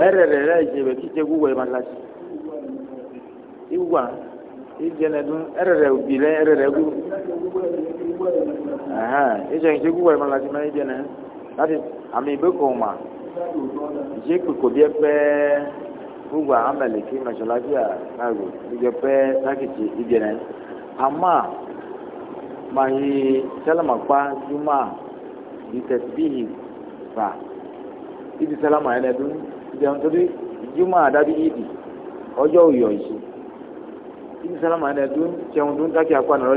ɛrɛrɛ la dzebe kitse gu wɛ ma la si iwa idzɛnɛ dun ɛrɛrɛ bi lɛ ɛrɛrɛ gu ɛhɛn idzɛ kitse gu wɛ ma la si ma idzɛnɛ lati ami be kɔn ma dze kpekpe bi pɛɛ. ugwa amẹlẹ kí mẹsàn láfíà náírà ìjọ pẹ lákìtì ìjẹnẹ ma yi yí sẹlẹmà pa jùmọ ìtẹsíbìhì fà ìdí sẹlẹmà yẹn lẹdún ìjẹun torí jùmọ àdábí ìdì ọjọ òyò ìṣe ìdí sẹlẹmà yẹn lẹdún jẹun dún dákì akọ ànàrọ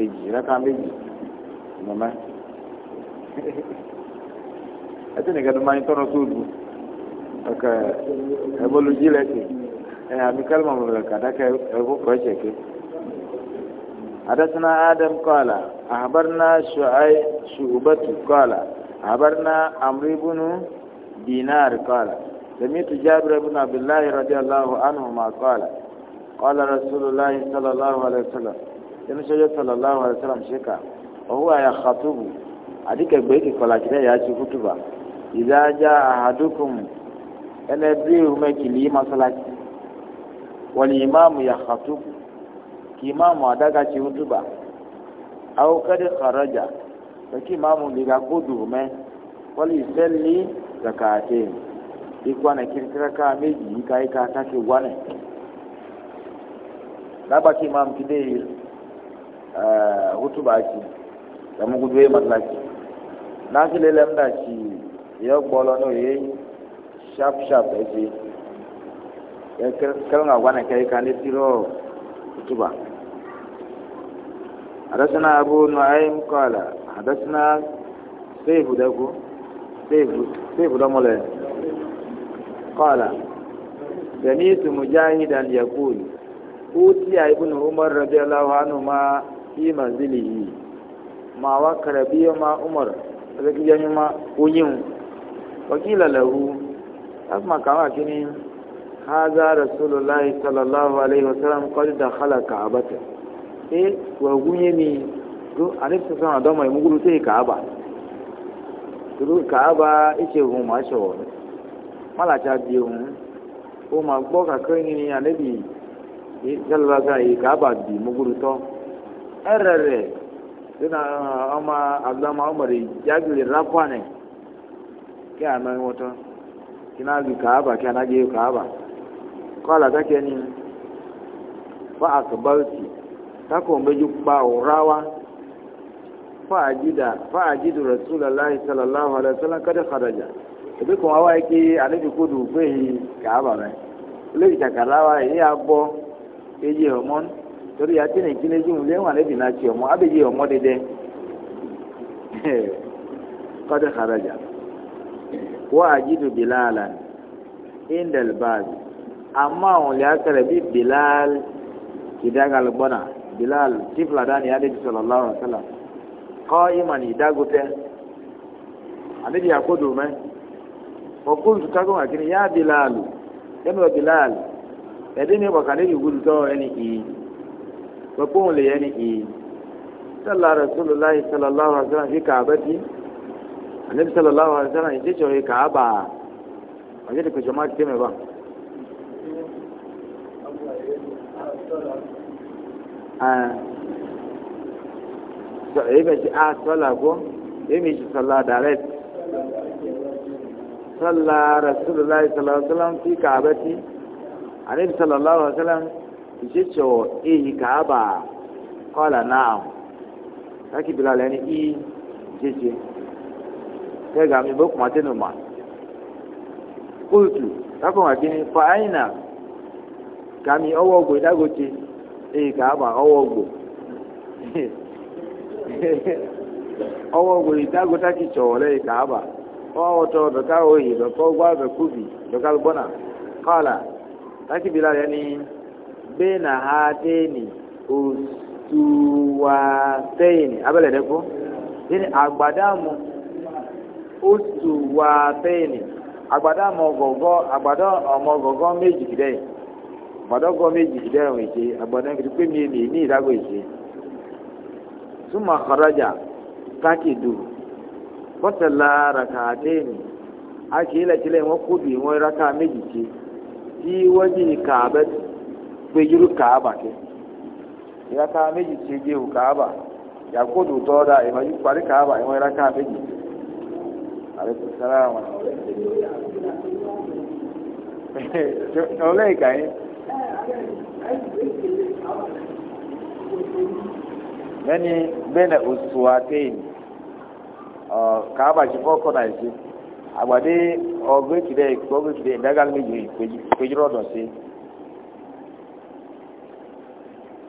èjì ìrẹ́ka méjì mọ̀mọ́ ẹtí nìkan tó máa ń tọ́nà sóòdù ọkọ ẹbọlójì lẹ́sìn ẹ àmì kálmà mọ̀mọ́ kàdákà ẹ̀kọ́ kọ́ọ̀ṣẹ̀ ké. حدثنا آدم قال أخبرنا شعيب شعبة قال أخبرنا عمرو بن دينار قال سمعت جابر بن عبد الله رضي الله عنهما قال قال رسول الله صلى الله عليه وسلم sani sɔjɔ sallallahu alaihi wa sallam se ka ɔhu aya xatubu adike gbeki kɔlakyerɛ ya ti kutuba idaja ahadukum ɛnɛ biri hume kili masalaki wali imaamu ya xatubu ki imaamu adaka ti kutuba awo kadi xaraja kaki imaamu liga kudu hume wali isɛli zakaate ikwane kirikira kaa meji ika ika atake wane laba ki imaamu Eh, hutu ba ci da mu na fi lele mda ci ya gbolo no ye sharp sharp ya ce ya kalma gwana kai ka tiro hutu ba حدثنا أبو نعيم قال حدثنا سيف دكو سيف سيف دمولين قال سمعت مجاهدا يقول أوتي ابن عمر رضي الله عنهما fi manzilihi ma wa karabiya ma umar zaki yanyu ma kunyin wakila lahu asma kama kini haza rasulullahi sallallahu alaihi wasallam qad dakhala ka'bata eh wa gunye ni do alif sallallahu alaihi wasallam muguru sai ka'aba duru ka'aba ice hu ma shawo mala ta biye hu o ma gbọ́ kakẹ́ ni anabi e, sallallahu alaihi wasallam ka'aba bi muguru tọ́ erere suna ọma azama ọmọdé jagiri rapani kí a nọ ìwọtọ kí náà lu kàába kí a náà gé kàába kọ́lá kákẹ́ ni fa àkàbáwòtì kákọ̀ méjì pa òráwá fa àjídà fa àjídù rasulallahi sallallahu alaihi wasallam kada kharaja ebi kò wá wáyé kí alẹ́bi kó dùn fún èyí kàába rẹ lórí kàkàrà wa èyí á torí àti ní ìkíni jù lẹ́wọ̀n àlẹ́ bìnnà tí ọmọ abẹ́yẹ ọmọ dédé kọ́dé xarajà wọ́n àjídù bilala indel baabi àmọ́ àwọn olè akẹrẹ bíi bilal ìdágal gbọ́nà bilal tí fúlàdánì adébi sọ̀rọ̀ lọ́rùn sọ́là kọ́ ìmọ̀ ní ìdágótẹ́ àdébi àkódò mẹ́ ọkùnrin tuntun akínní yá bilalu ẹnu bilal ẹ̀dínní bọ̀kàdé yìí wúlùtọ́ ẹni ìyí. وقوم ليني إيه صلى رسول الله صلى الله عليه وسلم في كعبتي النبي صلى الله عليه وسلم يجيشه في كعبة وجدك جماعة كم بقى يمشي آه صلى قوم يمشي صلى دارت صلى رسول الله صلى الله عليه وسلم في كعبتي النبي صلى الله عليه وسلم ìṣèṣọ èyí kàábà eyi náà kákìbìlà lẹ́ni í jẹjẹ tẹ́gà mi bó kùmà tẹ́nu mà kóòtù kákùmà kìíní fa àyìnà kàmi ọwọ́ gbò ìdágòtì èyí kàábà ọwọ́ gbò ọwọ́ gbò ìdágòtà kì tsọ̀ lẹ́yìn kàábà ọwọ́ ọgbà bena na ha abẹ́lẹ̀ dẹ́ kó beni agbadamu ostuwateni agbadamu ọmọ ọgọgọ méjì kìdẹ́ yìí agbadọ ọgọ méjì kìdẹ́ ọ̀hún èjì agbadọ kìdẹ́ pé mi èmi ní ìdágò a kì í wọn kó wọn raka méjì ṣe tí wọ́n jì kàbẹ́tù. kpejuru kaaba ke ìraka meji tí ó kaaba yakudu tọ́ ìmọ̀jú parí kaaba ìwọ̀n iraka méjì àlékún sára wọn. ọ̀lẹ́ ìkà yín. lẹ́ni bẹ́ẹ̀ òṣùwà téyìn kaaba ti fọ́ kọ́nà ìṣe àgbàdé ọgbẹ́kìlẹ̀ ìgbọ́gbẹ́kìlẹ̀ ìdágàlẹ́ méjì rọ̀dọ̀ sí i.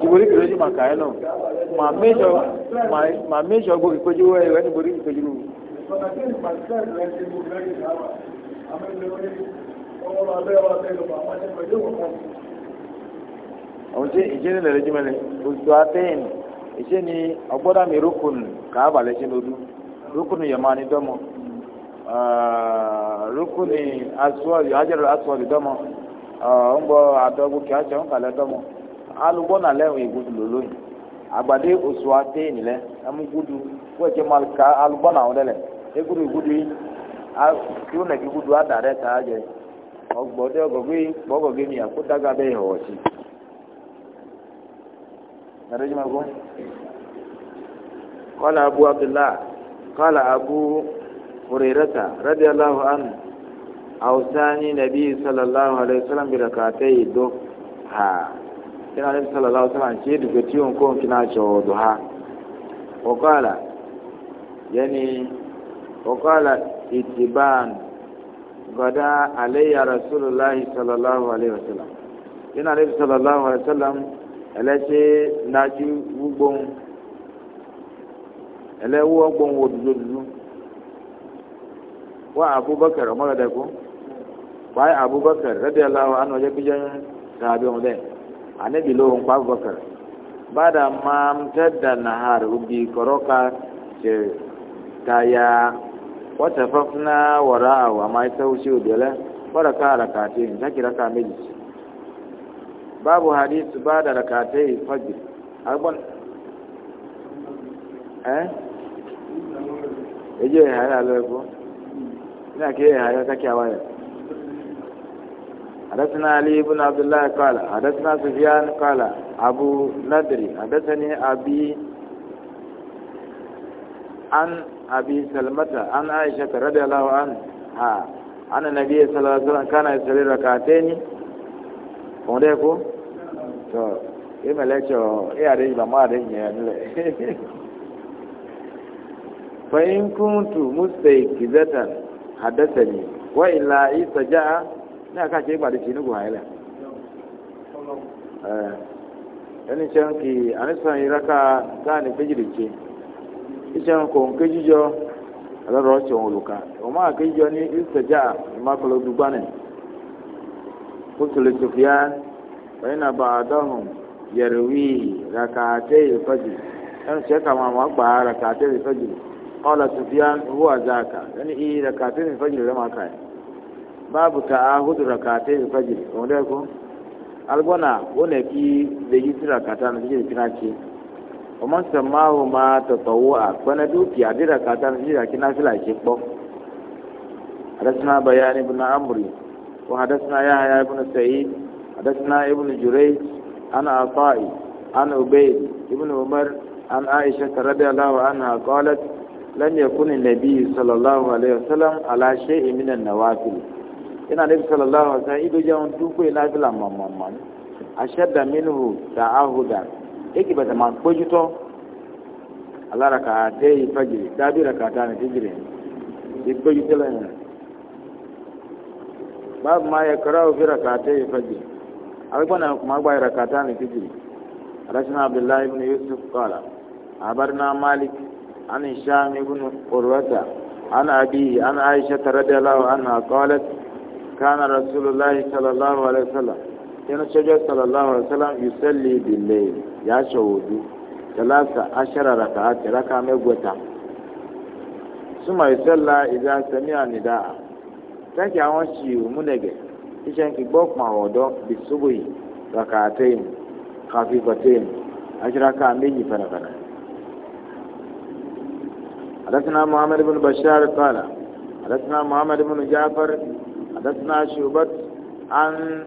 jibori kìlọ̀ jù màkà ẹ̀ náà ma méjọ màá méjọ gbogbo ìkojú ẹ̀ rẹ̀ níborí ìkojú rẹ̀. àwọn ṣe ìṣe nílẹ̀ lójú mẹ́lẹ̀ ni ọgbọ́dá mi ni Ah, rukuni aswadi hajar aswadi dɔmɔ ŋgbɔ ah, adɔgu kí atsɛ ŋkalɛ dɔmɔ alugbɔ nalɛ igudu lolo yi agbadé osu ate ni lɛ ɛmu gudu wɛtsɛ mu alika alugbɔ nawo ɖe lɛ egudu igudu yi ah, kí na kí gudu ada ɖe ta adze ɔgbɔ ɖe ɔgɔgbe gbɔgɔgbe mi akó daga bɛ yɔ ɔtsi nàdé dzi ma gbɔ kɔla abu abdullah kɔla abu. هريرة رضي الله عنه أوصاني النبي صلى الله عليه وسلم بركعتي الضحى كان النبي صلى الله عليه وسلم شيد كتيون كون كنا ضحى وقال يعني وقال اتبان غدا علي رسول الله صلى الله عليه وسلم كان النبي صلى الله عليه وسلم ẹlẹ́sẹ̀ náà ti wúgbọ́n ẹlẹ́wọ́ gbọ́n wọ́n dúdú dúdú. wa abubakar mara da ku bai abubakar radiyallahu anhu ya bijan tabi'un dai anabi lohun kwa abubakar ba da mamtar da nahar ubi koroka ce kaya wata fafna wara wa mai tausi ubele fara ka rakate in zaki raka miji babu hadisu ba da rakate fajr agbon eh eje hayala ko ina ke yin hanyar sakewa ne حدثنا علي بن عبد الله قال حدثنا سفيان قال ابو ندري حدثني ابي عن ابي سلمة عن عائشة رضي الله عنها عن النبي صلى الله عليه وسلم كان يصلي ركعتين kunde ko to e me lecho e are ba ma de nye hadasani wa illa isa jaa ní àkàtì ìgbàdì tì nígbà ayẹlẹ. ẹni sẹ́wọ̀n kì í àníṣàn ìraka táàní kéjìlélẹ́jì ìṣẹ́wọ̀n kò ń kéjìjọ alọ́rọ̀ ọ̀ṣọ́ olùkà ọmọ àkéjìjọ ní isa jaa ìmákọ̀lọ́ dùgbànì kótólè sọfìà wọ́n yìí bá àdọ́hùn yẹ̀rẹ̀wì raka àtẹ́yẹ fọ́jì ẹni sẹ́ka máa wọ́n qala sufyan huwa zaka yani eh rakatain fajr zama kai babu ta'ahud rakatain fajr ko da ko algona wona ki da yi rakata na cikin kinaci kuma samahu ma tatawwa kana duki a dira rakata na cikin kinafila ke ko حدثنا بيان بن عمرو وحدثنا يحيى بن سعيد حدثنا ابن جريج عن عطائي عن عبيد بن عمر عن عائشة رضي الله عنها قالت lam yakun nabi sallallahu alaihi wasallam ala shay'in min an-nawafil ina nabi sallallahu alaihi wasallam ido jawon duko ina fila mamman ashadda minhu ta'ahuda yake bata ma kpojuto ala raka ta yi fajiri ta raka ta na fijiri ya kpojuto lana babu ma ya fi raka ta fajiri abubuwan na kuma raka ta na fijiri rashin abdullahi ibn yusuf kala abarna malik عن هشام بن قروة عن أبيه عن عائشة رضي الله عنها قالت كان رسول الله صلى الله عليه وسلم كان الشجر صلى الله عليه وسلم يصلي بالليل يا شهود ثلاثة عشر ركعة، ركعة مبوتة ثم يصلى إذا سمع نداء تنكي عوان شيء منك إشان كي بوك ما هو بالصبح ركعتين خفيفتين عشر ركعة ميجي فرقنا حدثنا محمد بن بشار قال حدثنا محمد بن جعفر حدثنا شعبة عن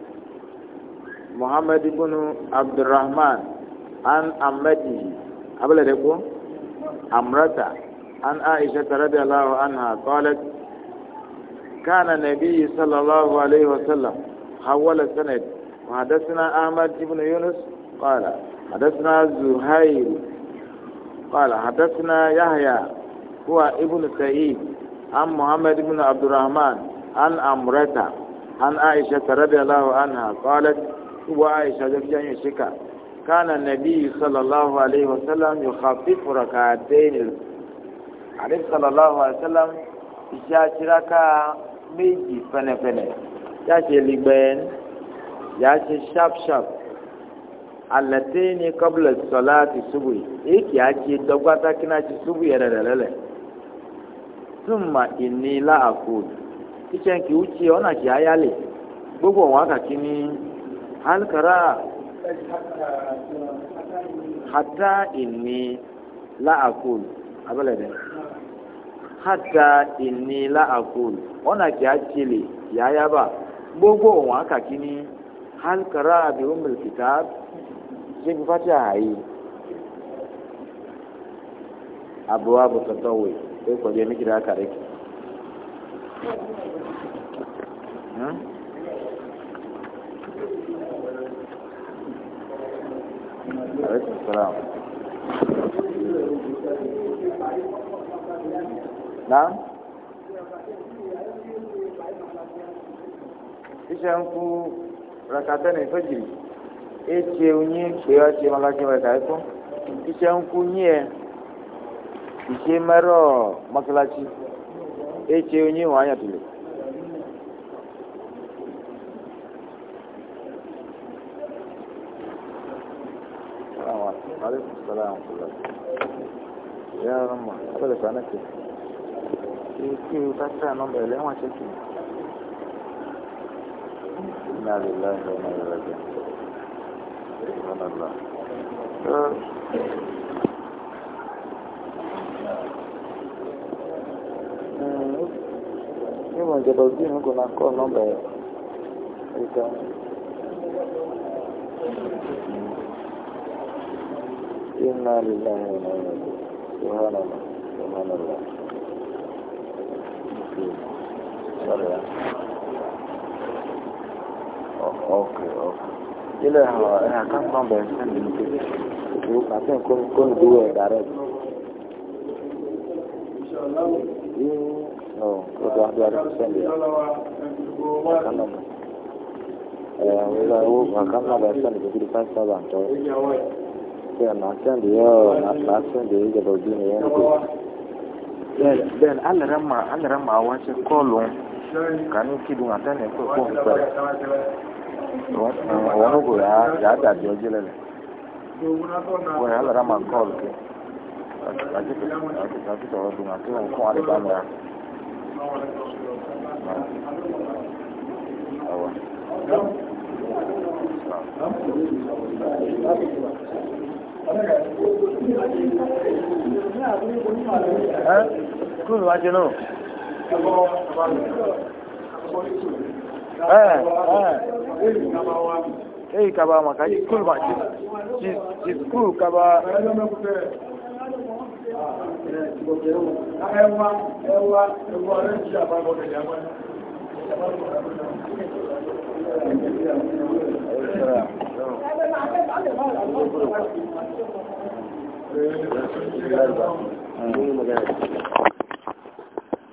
محمد بن عبد الرحمن عن أمته قبل ذلك أمرته عن عائشة رضي الله عنها قالت كان النبي صلى الله عليه وسلم حول السند وحدثنا أحمد بن يونس قال حدثنا زهير قال حدثنا يحيى هو ابن سعيد عن محمد بن عبد الرحمن عن أمرتا عن عائشة رضي الله عنها قالت هو عائشة جميع شكا. كان النبي صلى الله عليه وسلم يخفف ركعتين عليه صلى الله عليه وسلم إشاش ميجي فنة فنة ياشي لبين ياشي شاب شاب اللتين قبل الصلاة الصبح إيك ياشي دوغاتا كناشي الصبح يا رلالة tuma ìnila àkóòdù kíkẹ́ kì í ṣe ọ̀nà kì gbogbo ọ̀wọ́n àkàkí ní alikara hata ìnila àkóòdù abẹ́lẹ̀dẹ́ hata ìnila àkóòdù ọ̀nà gbogbo ọ̀wọ́n ní ṣé sai kwaliya miki da haka rake hmm? alaikum salam na ishan ku rakata ne fajiri e ce unyi ke ya ce malaki mai kaifin ishan ku nye ìṣe mẹ́rọ̀ mọ́sálásí ètò oyin wọn àyàtúlẹ̀. عليكم السلام ورحمة الله يا رمى أبدا فأنا كيف كيف تتعى نمبر ليه ما شكرا إنا لله وإنا إليه سبحان الله ìjọba ojú ìlú kò náà kọ́ nọ́mbà ẹ̀ ìjọ. Inna lillahi wa inna ilaihi subhanallah subhanallah. Sorry. Oh, okay, okay. Ile ha ha kan nọ́mbà ẹ̀ sẹ́ni nìkan. Ìlú àti nǹkan kó ní dúró ẹ̀ gbogbo àdúrà rẹ̀ sẹ́ni àkànnà ẹ̀ wíwá owó àkànnà rẹ̀ sẹ́ni gbogbo five thousand tọ́ ẹ̀ náà sẹ́ni yẹ́ ọ̀ náà sẹ́ni yẹ́ ìjọba òbí ni yẹn kò. bẹ́ẹ̀ ni alẹ́rẹ́mà alẹ́rẹ́mà wọn ṣe kọ́ọ̀lù kàní kídùn àtẹ́ni pé kó ń pẹ́ wọn ya, yà á dàbí ọjọ́ lẹ́lẹ̀ wọ́n yà alẹ́rẹ́mà kọ́ọ̀lù kẹ́ àti àti sọ̀rọ̀ dùn àti òun fún àdìgbà mìíràn. Kúrò wájú náà. Eh, eh. Ei, kaba makaji, kúrò wájú. Kúrò kaba. ẹwà é ẹwà rẹ̀ jí àbábọ̀ rẹ̀ yàmọ́ Thank you.